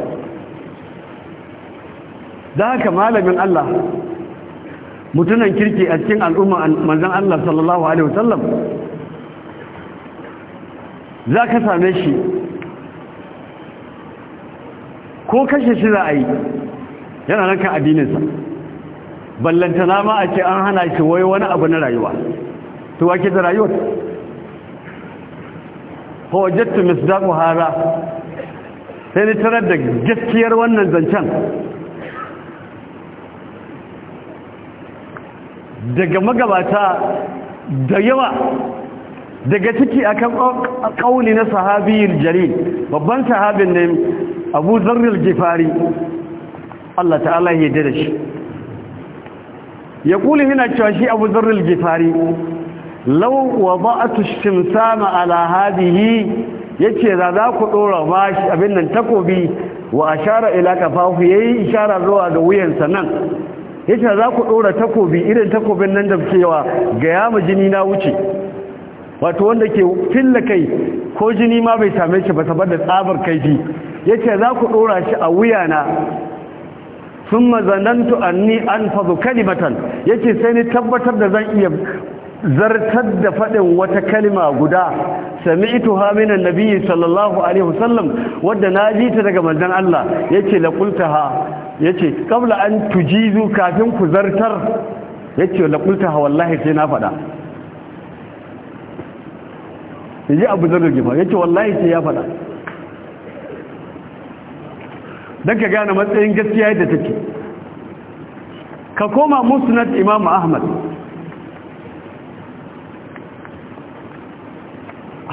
da haka malamin Allah mutunan kirki a cikin al'umma manzan Allah sallallahu alaihi wasallam za ka same shi ko kashe shi za a yi yana nan abininsa ballantana ma a ce an hana shi wai wani abu na rayuwa to wake da rayuwar hujjatu misdaqu hada sai ni tarar da gaskiyar wannan zancen daga magabata da yawa daga ciki akan kauli na sahabiyar jalil babban sahabin ne Abu Dharr gifari Allah ta'ala ya dada shi ya kuli yana cewa shi Abu jifari lau wa ba a tushin sama ala ya ce za za ku dora ba abin nan takobi wa ashara ila ya yi ishara zuwa ga wuyansa nan yake za ku ɗora takobi irin takobin nan da cewa ga yamu jini na wuce wato wanda ke filla kai ko jini ma bai same shi ba saboda tsabar kaifi yace za ku ɗora shi a wuya na thumma zanantu anni anfadhu kalimatan yace sai ni tabbatar da zan iya zartar da faɗin wata kalima guda ito haminan nabi sallallahu alaihi wasallam wadda ji ta daga manzan Allah yace ha ya yace ƙabla an tujizu kafin ku zartar yace laƙulta ha wallahi sai na faɗa ji Abu Dharr ya yace wallahi sai ya faɗa don ka gane matsayin gaskiya yadda take ka koma musnad Imam Ahmad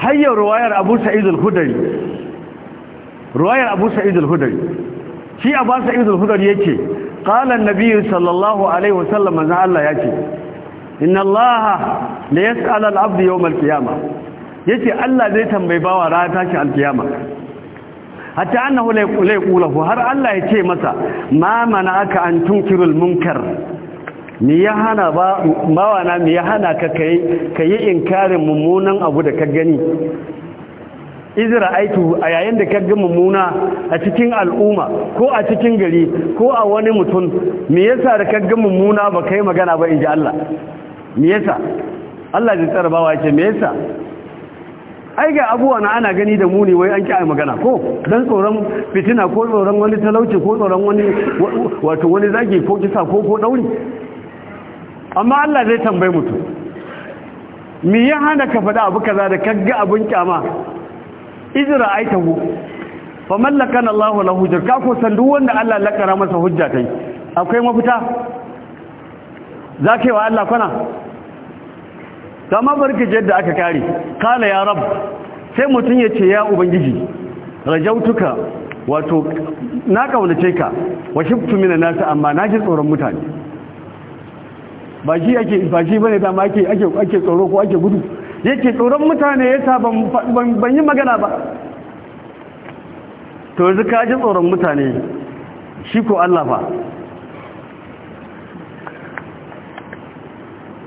hayyar ruwayar abu sa'id al-hudari ruwayar abu sa'id al-hudari shi abu sa'id al-hudari yake qala an-nabi sallallahu alaihi wasallam manzo Allah yake inna Allah la yas'al al-abd yawm al-qiyamah yace Allah zai tambayi bawa ranar tashi al-qiyama hatta annahu la yaqulu har Allah ya ce masa ma mana aka an tunkirul munkar me ya hana ba mawana me ya hana ka kai kayi inkarin mummunan abu da ka gani izra aitu a yayin da ka ga mummuna a cikin al'umma ko a cikin gari ko a wani mutum me yasa da ka ga mummuna ba kai magana ba inji Allah me yasa Allah tsara bawa yake me yasa ai ga abuwa na ana gani da muni wai an ki ai magana ko dan tsoron fitina ko tsoron wani talauci ko tsoron wani wato wani zagi ko kisa ko ko dauri amma Allah zai tambayi mutum me ya hana ka faɗa abu kaza da kagga abun kyama izra aitahu fa mallakana Allahu lahu hujjar ko san duk wanda Allah lakara masa hujja tai akwai mafita zakewa Allah kana kama barki yadda aka kare kala ya rab sai mutum ya ce ya ubangiji rajautuka wato na kaunace ka wa shibtu minan nasu amma na ji tsoron mutane ba shi ake ba shi bane da ake ake ake tsoro ko ake gudu yake tsoron mutane yasa ban ban yi magana ba to yanzu ka ji tsoron mutane shi ko Allah fa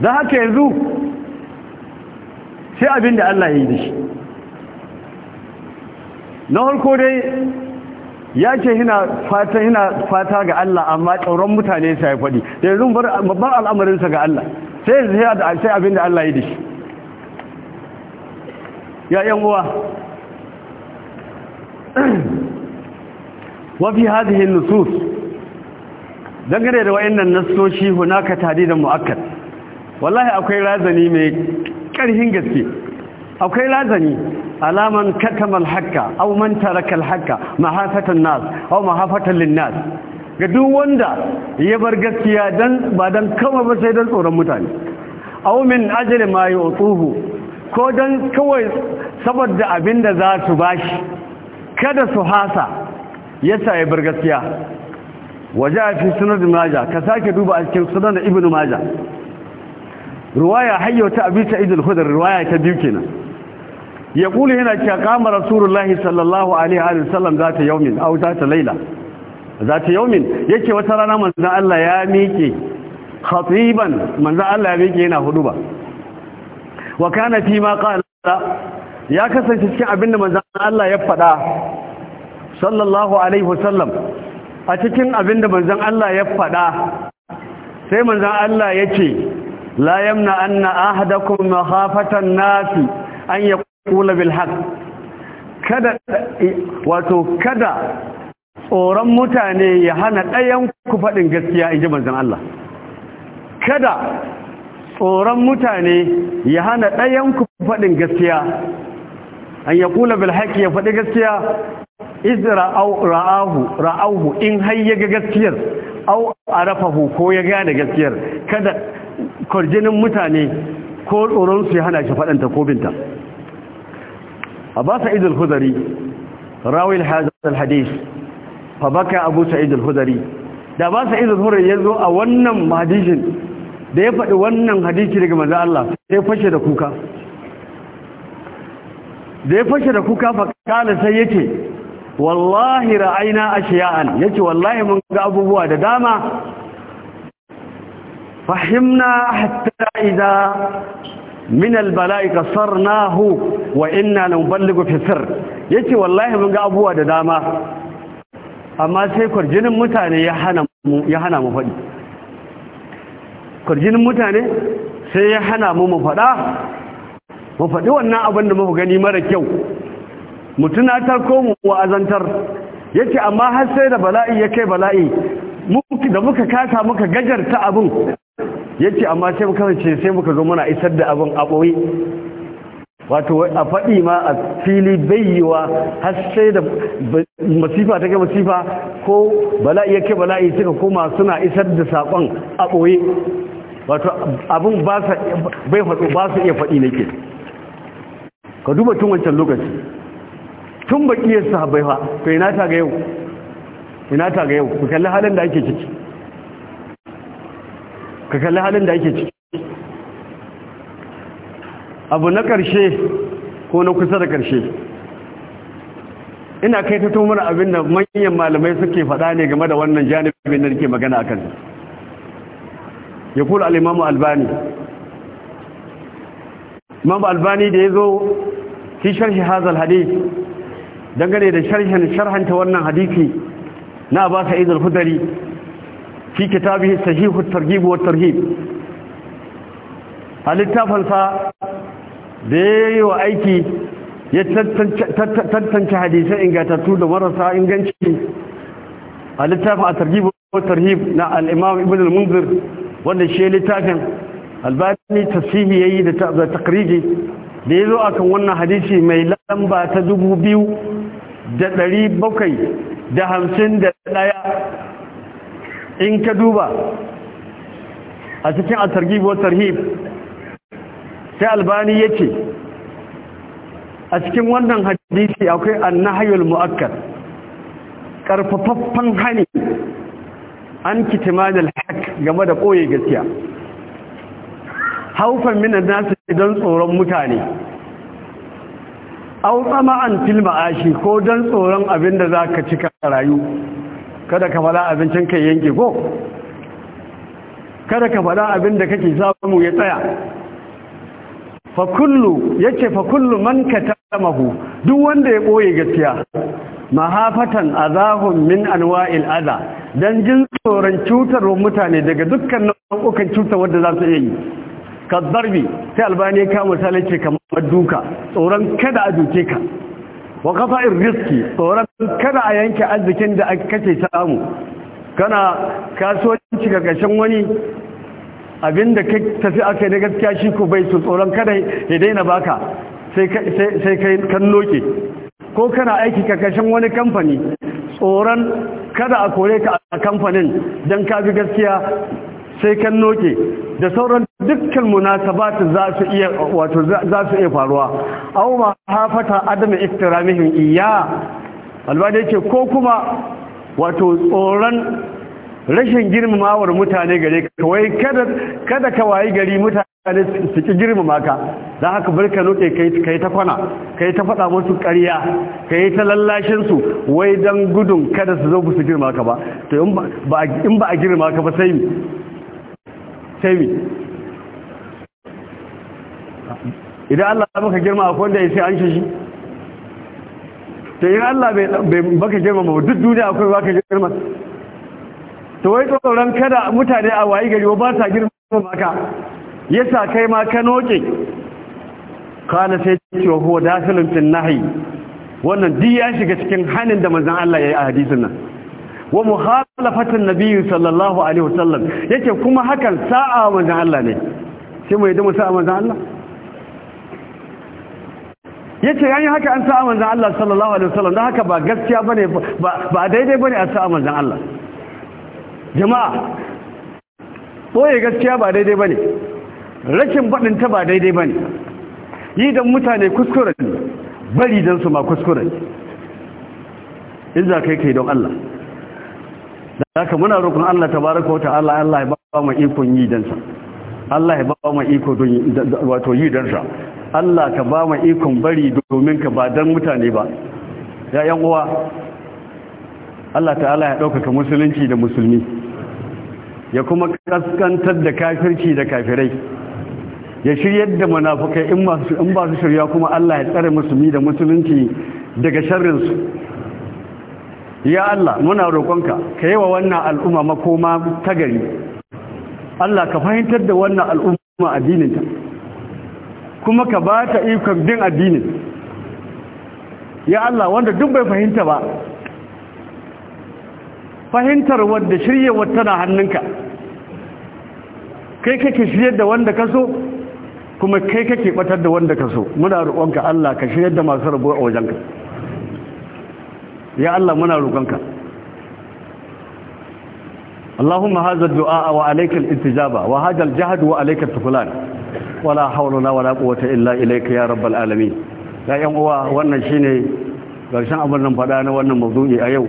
Da haka yanzu sai abin da Allah ya yi da shi na harko dai ya ce yana fata ga Allah amma tsoron mutane sa ya faɗi da yanzu babban al'amarinsa ga Allah sai sai abin da Allah ya da shi ya yan uwa wa fi nusus dangane da wayannan nassoshi hunaka da muakkad wallahi akwai razani mai ƙarhin gaske akwai lazani alaman katamal hakka aw man taraka al hakka mahafatan nas aw mahafatan ga duk wanda ya bar gaskiya dan ba dan kama ba sai dan tsoron mutane aw min ajli ma yutuhu ko dan kawai saboda abinda za su bashi kada su hasa yasa ya bar gaskiya waje a fi sunan majah ka sake duba a cikin sunan ibnu majah ruwaya hayyata abi sa'id al-khudri ruwaya ta biyu kenan ya kula yana cewa kama rasulullahi sallallahu alaihi wa sallam za ta yaumin au za ta laila za ta yaumin yake wata rana manzan Allah ya miƙe khatiban manzan Allah ya miƙe yana hudu ba wa kana fi ma qala ya kasance cikin abin da manzan Allah ya faɗa sallallahu alaihi wa sallam a cikin abin da manzan Allah ya faɗa sai manzan Allah ya ce la yamna anna ahadakum mahafatan nasi an kula bil haq kada wato kada tsoron mutane ya hana ɗayan ku faɗin gaskiya in ji manzan Allah kada tsoron mutane ya hana ɗayan ku faɗin gaskiya an ya kula bil ya faɗi gaskiya iz ra'ahu ra'ahu in har ya ga gaskiyar au arafahu ko ya gane gaskiyar kada kwarjinin mutane ko tsoron su ya hana shi faɗanta ko binta أبا سعيد الخدري راوي هذا الحديث فبكى أبو سعيد الخدري da ba sa izin horar ya zo a wannan hadisin da ya faɗi wannan hadisi daga maza Allah sai fashe da kuka da ya fashe da kuka fakala sai ce, wallahi ra'ayina ya ce wallahi mun ga abubuwa da dama fahimna hatta idza من albala'i صرناه wa نبلغ في fi يتي والله wallahi mun ga abuwa da dama amma sai kurjinin mutane ya hana mu faɗi kurjinin mutane sai ya hana mu faɗa mu faɗi wannan abinda da muka gani mara kyau mu ko mu wa'azantar yace amma har sai da bala'i ya kai bala'i da muka kasa muka gajarta abun. yake amma sai muka ce sai muka zo muna isar da abin a ɓoye wato a faɗi ma a fili bayyawa har sai da masifa ta kai masifa ko bala'i ya kai bala'i suka koma suna isar da saƙon a wato abin ba su iya faɗi nake ka duba tun wancan lokaci tun baƙiyar sahabai ha to ina ta ga yau ina ta ga yau ku kalli halin da ake ciki ka kalli halin da ake ciki abu na ƙarshe ko na kusa da ƙarshe ina kai ta tumar abin da manyan malamai suke faɗa ne game da wannan janibin da nake magana a kan ya kula al'imamu albani imamu albani da ya zo fi sharhi hazal hadith dangane da sharhin sharhanta wannan hadithi na ba sa izul hudari fi kitabihi sahihu at-targhib wa at-tarhib halittafansa da yayi wa aiki ya tantance hadisai ingantattu da marasa inganci a littafin a targibu ko tarhib na al'imam ibn al-munzir wanda shi littafin albani tasihi yayi da takriji da ya zo a kan wannan hadisi mai lamba ta dubu biyu da ɗari bakwai da hamsin da in ka duba a cikin al targhib wa tarhib sai albani yace a cikin wannan hadisi akwai an-nahyul mu'akkad karfafaffan hani an kitimanil haq game da ƙoye gaskiya haufan minan nasu idan tsoron mutane au tsama'an fil ma'ashi ko dan tsoron abinda za ka cika rayu kada ka fada abincin kai yanke ko kada ka fada abin da kake samu ya tsaya fa kullu yace fa kullu man katamahu duk wanda ya koye gaskiya mahafatan azahun min anwa'il adha dan jin tsoron cutar mutane daga dukkan nau'ukan cutar wanda za su yi ka sai albani ya kama ce kamar duka tsoron kada a duke ka wa qata'ir rizqi tsoron kada a yanke arzikin da kake samu kana kasuwanci ga gashin wani abinda ka tafi aka ne gaskiya shi ko bai su tsoron kada ya daina baka sai sai kai kan loke ko kana aiki ga wani kamfani tsoron kada a kore ka a kamfanin dan ka bi gaskiya sai kan noke da sauran dukkan munasabat za su iya wato za su iya faruwa aw ma hafata adam iftiramihim iya albani yake ko kuma wato tsoran rashin girmamawar mutane gare ka kada kada ka wayi gari mutane su ki girmama ka dan haka barka noke kai kai ta kwana kai ta fada musu ƙarya kai ta lallashin su wai dan gudun kada su zo su girmama ka ba to in ba in ba a girmama ka ba sai sai mi idan Allah baka girma akwai wanda ya sai an shi to yi Allah bai baka girma ba duk duniya akwai baka girma to wai tsoron kada mutane a wayi gari ba sa girma ya sa kai ma ka noke kana sai cewa huwa dakhilun tun nahi wannan diya ya shiga cikin hannun da mazan Allah ya yi a hadisun nan wa muhalafatan nabiyyi sallallahu alaihi wasallam yake kuma hakan sa'a manzon Allah ne sai mu yi mu sa'a manzon Allah yace yayin haka an sa'a manzon Allah sallallahu alaihi wasallam dan haka ba gaskiya bane ba daidai bane a sa'a manzon Allah jama'a boye gaskiya ba daidai bane rashin badin ta ba daidai bane yi dan mutane kuskure bari dan su ma kuskure in za kai kai don Allah da haka muna rukun Allah tabaraka wa ta'ala Allah ya ba mu ikon yi dan sa Allah ya ba mu iko wato yi dan sa Allah ka ba mu ikon bari domin ka ba dan mutane ba ya yan uwa Allah ta'ala ya ɗaukaka musulunci da musulmi ya kuma kaskantar da kafirci da kafirai ya shiryar da munafukai in ba su shirya kuma Allah ya tsare musulmi da musulunci daga sharrinsu ya Allah muna roƙonka ka yi wa wannan al'umma makoma ta gari Allah ka fahimtar da wannan al'umma addininta kuma ka ba ta ikon din addinin ya Allah wanda duk bai fahimta ba fahimtar wanda shiryewar tana hannunka kai kake shiryar da wanda ka so kuma kai kake batar da wanda ka so muna roƙonka Allah ka shiryar da masu rabuwa a wajenka ya Allah muna roƙonka Allahumma hadha ad-du'a wa alayka al-istijaba wa hadha al-jahd wa alayka at-tuflan wala hawla wala quwwata illa ilayka ya rabbal alamin ya yan uwa wannan shine garshen abin nan faɗa na wannan mawdu'i a yau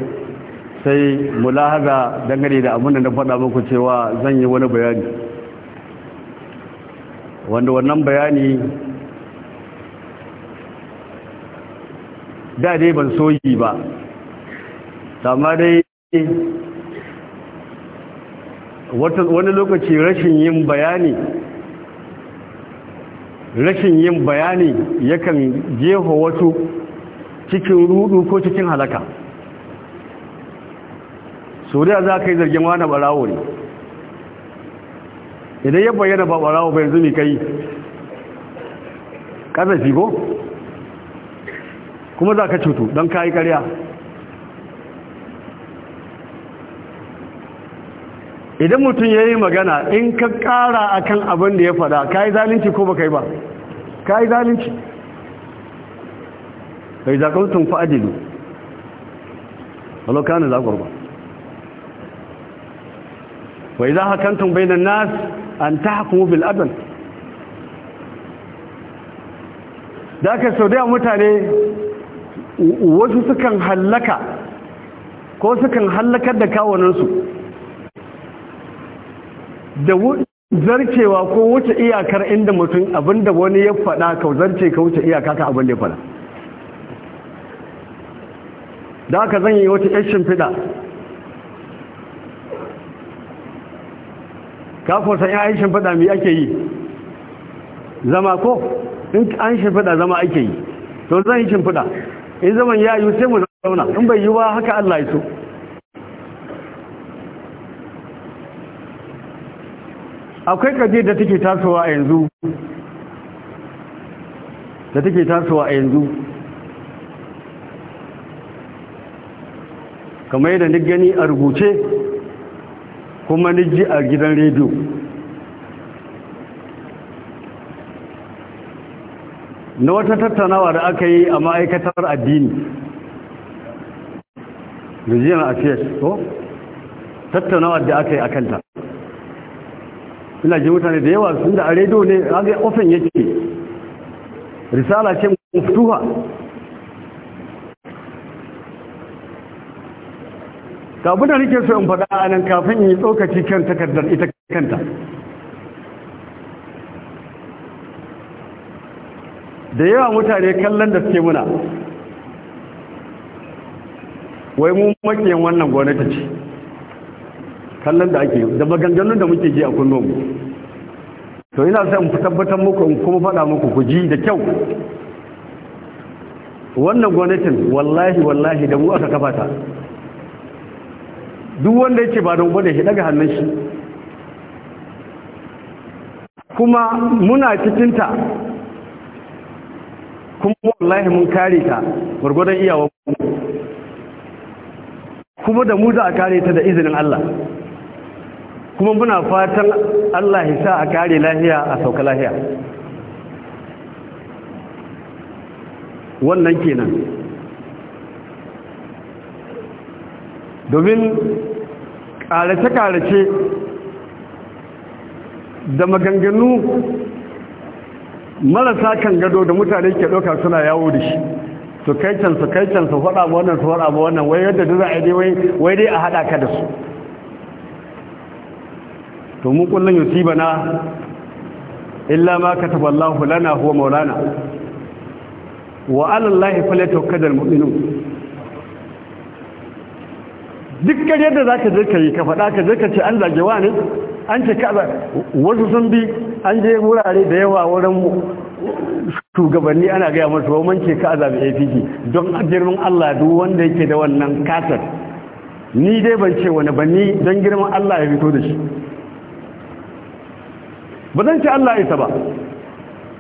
sai mulahaza dangane da abin da na faɗa muku cewa zan yi wani bayani wanda wannan bayani da dai ban soyi ba dai wani lokaci rashin yin bayani rashin yin bayani yakan jefa wasu cikin rudu ko cikin halaka sau da za ka yi zargin wani barawo ne idan ya bayyana ba barawo bai zumi kai ƙazafi ko kuma za ka cutu don ka yi karya idan mutum ya yi magana in ka ƙara a kan abin da ya faɗa ka yi zalunci ko ba ka yi ba ka yi zalunci ka yi zaƙuntun fa'adilu walokanin zaƙur ba wai za hakantun bai na nas an ta hakumu bil'adun da aka sau da mutane wasu sukan hallaka ko sukan hallakar da kawonansu da zarcewa ko wuce iyakar inda mutum abinda wani ya faɗa ka zarce ka wuce iyaka ka abin da ya faɗa da aka zan yi wata yashin fida kafosan ya yayin shimfiɗa mai ake yi zama ko in an shimfiɗa zama ake yi to zan yi shimfiɗa in zaman ya yi sai mu zauna in bai yi ba haka Allah ya so akwai kaje da take tasowa a yanzu da take tasowa a yanzu kamar yadda ni gani a rubuce kuma ni ji a gidan rediyo na wata tattaunawa da aka yi a ma'aikatar addini regional affairs ko tattaunawa da aka yi a kanta ina ji mutane da yawa sun da a rediyo ne ga ofin yake risala ce mafituwa ta abu da nake so in faɗa a nan kafin yi tsokaci kan takardar ita kanta da yawa mutane kallon da suke muna wai mun maƙiyan wannan gwamnati ce kallon da ake da maganganun da muke ji a kullum to ina son mu tabbatar muku in kuma faɗa muku ku ji da kyau wannan gwamnatin wallahi wallahi da mu aka kafa ta duk wanda yake ba don gwada shi daga hannun shi kuma muna cikinta kuma wallahi mun kare ta gwargwadon iyawa kuma da mu za a kare ta da izinin Allah kuma muna fatan Allah ya sa a kare lahiya a sauka lahiya wannan kenan domin ƙarace-ƙarace da maganganu marasa kan gado da mutane ke ɗauka suna yawo da shi su kai can su kai can su faɗa wa wannan su faɗa wa wannan wai yadda duk za a yi wai dai a haɗa ka da su to mu kullun yusibana illa ma kataba Allahu lana huwa maulana wa 'ala Allahi falyatawakkalul mu'minun dukkan yadda zaka je kai ka fada ka je ka ce an zage wani an ce ka wasu sun bi an je wurare da yawa wurin shugabanni ana gaya masu roman ce ka azabi APG don girman Allah duk wanda yake da wannan katar ni dai ban ce wani ba ni don girman Allah ya fito da shi ba zan ci Allah isa ba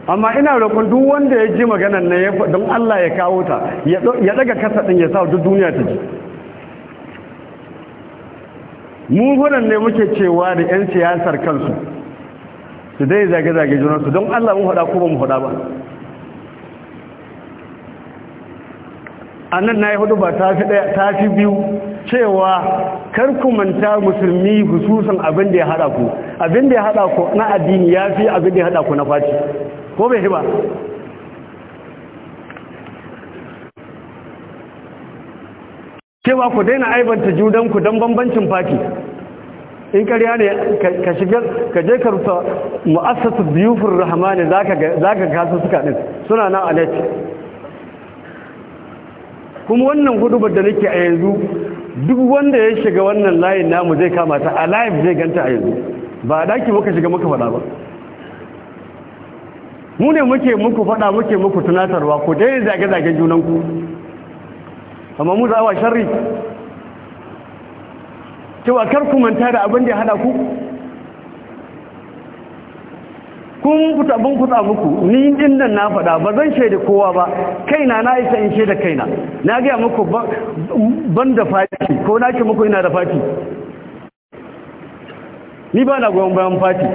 amma ina roƙon duk wanda ya ji maganar nan don Allah ya kawo ta ya daga kasa ɗin ya sa duk duniya ta ji mugunan ne muke cewa da 'yan siyasar kansu su dai zage-zage junansu don Allah mun faɗa ko ba mu hada ba a nan na yi hudu ba ta fi biyu cewa karku manta musulmi hususan abin da ya haɗa ku abin da ya haɗa ku na addini ya fi abin da ya haɗa ku na faci ko bai ba cewa ku daina aibanta judanku don bambancin fati in karya ne ka shigar ka je ka rufa mu'assatu biyufur rahmani ne za ka kasa suka ɗin suna nan alaji kuma wannan hudubar da nake a yanzu duk wanda ya shiga wannan layin namu zai kama ta a layin zai ganta a yanzu ba a daki muka shiga muka faɗa ba mu ne muke muku faɗa muke muku tunatarwa ko dai zage-zagen junanku amma mu za a wa sharri cewa kar ku manta da abin da ya hada ku kun kuta mun kuta muku ni din nan na faɗa ba zan shaida kowa ba kaina na isa in shaida kaina na ga muku ban da fati ko na ki muku ina da fati ni ba na goyon bayan fati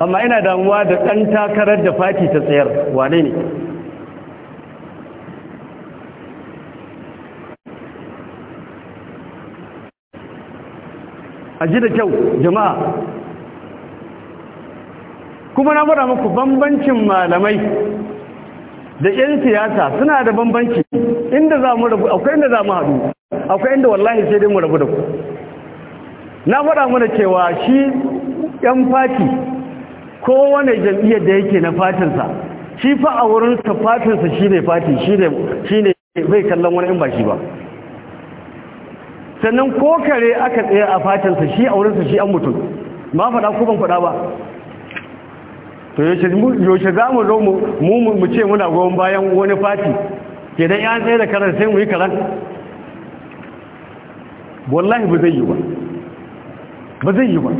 amma ina damuwa da ɗan takarar da fati ta tsayar wane ne a ji da kyau jama'a kuma na faɗa muku bambancin malamai da 'yan siyasa suna da bambanci inda za mu rabu akwai inda za mu haɗu akwai inda wallahi sai dai mu rabu da ku na faɗa mana cewa shi 'yan fati kowane jam'iyyar da yake na fatinsa shi fa a wurin sa fatinsa shi ne fati shi ne bai kallon wani in ba shi ba sannan ko kare aka tsaye a fatinsa shi a wurinsa shi an mutum ma faɗa ko ban faɗa ba to yaushe za mu zo mu mu mu ce muna goyon bayan wani fati idan ya tsaye da karar sai mu yi karar wallahi ba zai yi ba ba zai yi ba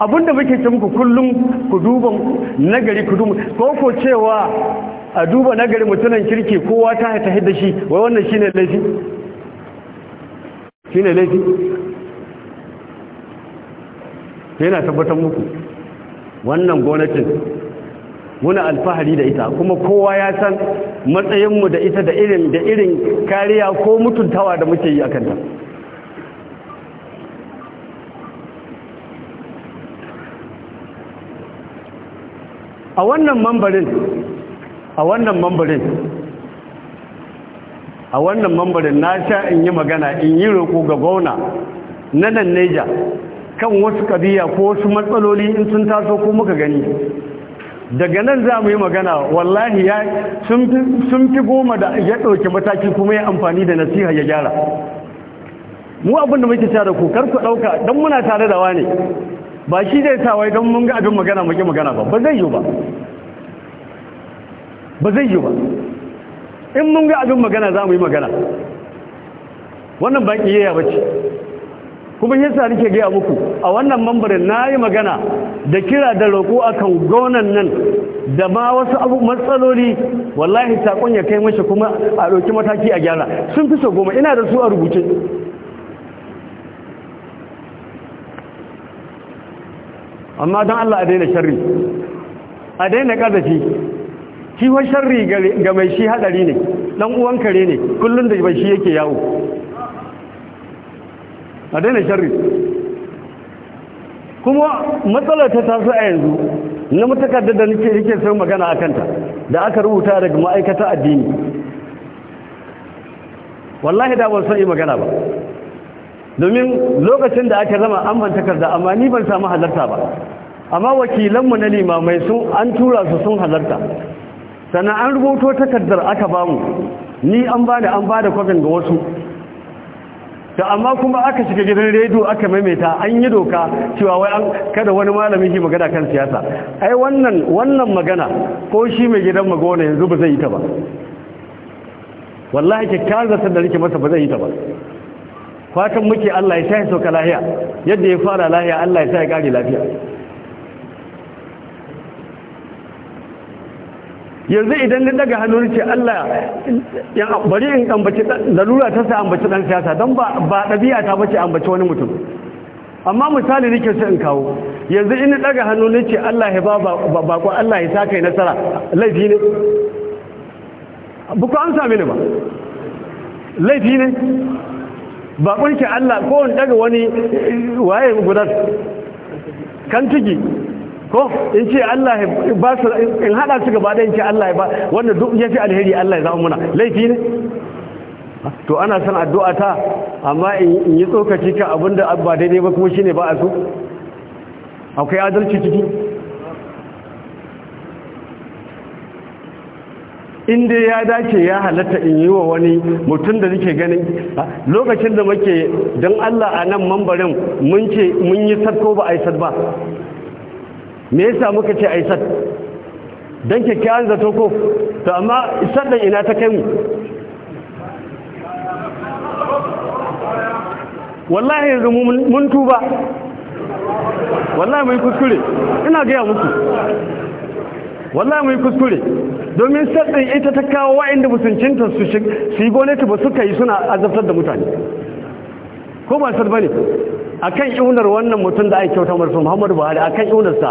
abinda muke ce muku kullum ku duba nagari ku duba ko ko cewa a duba nagari mutunan kirki kowa ta ta hidda shi wai wannan shine laifi shine laifi Yana tabbatar muku wannan gonakin muna alfahari da ita kuma kowa ya san matsayinmu da ita da irin da irin kariya ko mutuntawa da muke yi a kanta a wannan mambarin a wannan mambarin a wannan mambarin na sha in yi magana in yi roƙo ga gona na nan neja kan wasu kabiya ko wasu matsaloli in sun taso ko muka gani daga nan za mu yi magana wallahi ya sun fi goma da ya ɗauki mataki kuma ya amfani da nasiha ya gyara mu abin da muke tare ku kar ku ɗauka don muna tare da wane ba shi zai sa wai don mun ga abin magana muke magana ba ba zai yi ba ba zai yi ba in mun ga abin magana za mu yi magana wannan ba ƙiyayya ba ce kuma yasa nake gaya muku a wannan mambarin na yi magana da kira da roƙo akan gonan nan da ma wasu abu matsaloli wallahi saƙon ya kai mashi kuma a ɗauki mataki a gyara sun fi so goma ina da su a rubuce amma don Allah a daina sharri a daina ƙarfafi shi wa sharri ga mai shi hadari ne dan uwan kare ne kullum da bai shi yake yawo a daina sharri kuma matsalar ta taso a yanzu na matakardar da nake rike sai magana a kanta da aka rubuta daga ma'aikata addini wallahi da ban son yi magana ba domin lokacin da aka zama an ban takarda amma ni ban samu halarta ba amma wakilanmu na limamai sun an tura su sun halarta sannan an rubuto takardar aka bamu ni an bani an bada kwafin ga wasu to amma kuma aka shiga gidan rediyo aka maimaita an yi doka cewa wai an kada wani malamin shi magana kan siyasa ai wannan wannan magana ko shi mai gidan magana yanzu ba zai yi ta ba wallahi ke kar da nake masa ba zai yi ta ba fatan muke Allah ya sa ya sauka lahiya yadda ya fara lahiya Allah ya sa ya kare lafiya yanzu idan na daga hannun ce Allah ya bari in ambaci lalura ta sa ambaci dan siyasa don ba ɗabi'a ta bace ambaci wani mutum amma misali nake so in kawo yanzu in daga hannun ce Allah ya ba kwa Allah ya saka nasara laifi ne buku an sami ne ba laifi ne ba kunke Allah ko in daga wani waye gudar kan tuki. ko in ce Allah ya ba su in hada su gaba da in ce Allah ya ba wanda duk ya fi alheri Allah ya zama muna laifi ne to ana son addu'a ta amma in yi tsokaci ka abinda ba daidai ba kuma shine ba a so akwai adalci ciki In inda ya dace ya halatta in yi wa wani mutum da nake ganin lokacin da muke don Allah a nan mambarin mun ce mun yi sarko ba a yi sad ba me yasa muka ce ai sad dan kyakkyawan zato ko to amma saddan ina ta kai mu wallahi yanzu mun tuba wallahi mai kuskure ina gaya musu wallahi mai kuskure domin saddan ita ta kawo wa'inda musuncinta su shi su yi ba suka yi suna azabtar da mutane ko ba sad bane akan iunar wannan mutum da ake kyauta marfa muhammadu buhari akan iunarsa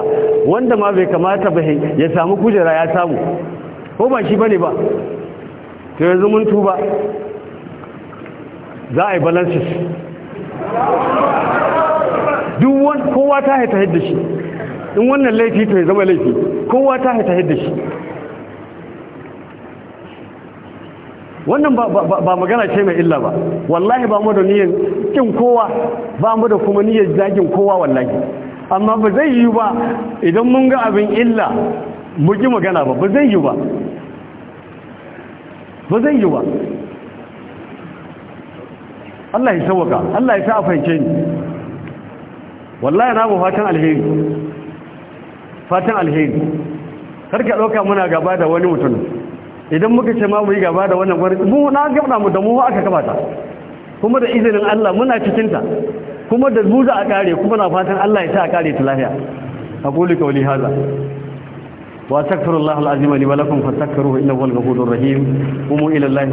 wanda ma bai kamata ba ya samu kujera ya samu ko ba shi bane ba ta yanzu mun tuba za a yi balansis duk kowa ta haita hidda shi in wannan laifi ta zama laifi kowa ta haita hidda shi wannan ba magana ce mai illa ba wallahi ba mu da niyyar kin kowa ba mu da kuma niyyar zagin kowa wallahi amma ba zai yi ba idan mun ga abin illa mu ji magana ba ba zai yi ba ba zai yi ba Allah ya sauka Allah ya sa fahimce ni wallahi na mu fatan alheri fatan alheri karka ɗauka muna gaba da wani mutum idan muka ce ma mu yi gaba da wannan gwari mu na gaba mu da mu aka kaba ta kuma da izinin Allah muna cikin ta kuma da mu za a kare kuma na fatan Allah ya sa a kare ta lafiya aqulu qawli hadha wa astaghfirullaha alazim li wa lakum fastaghfiruhu innahu al ghafurur rahim umu ila allahi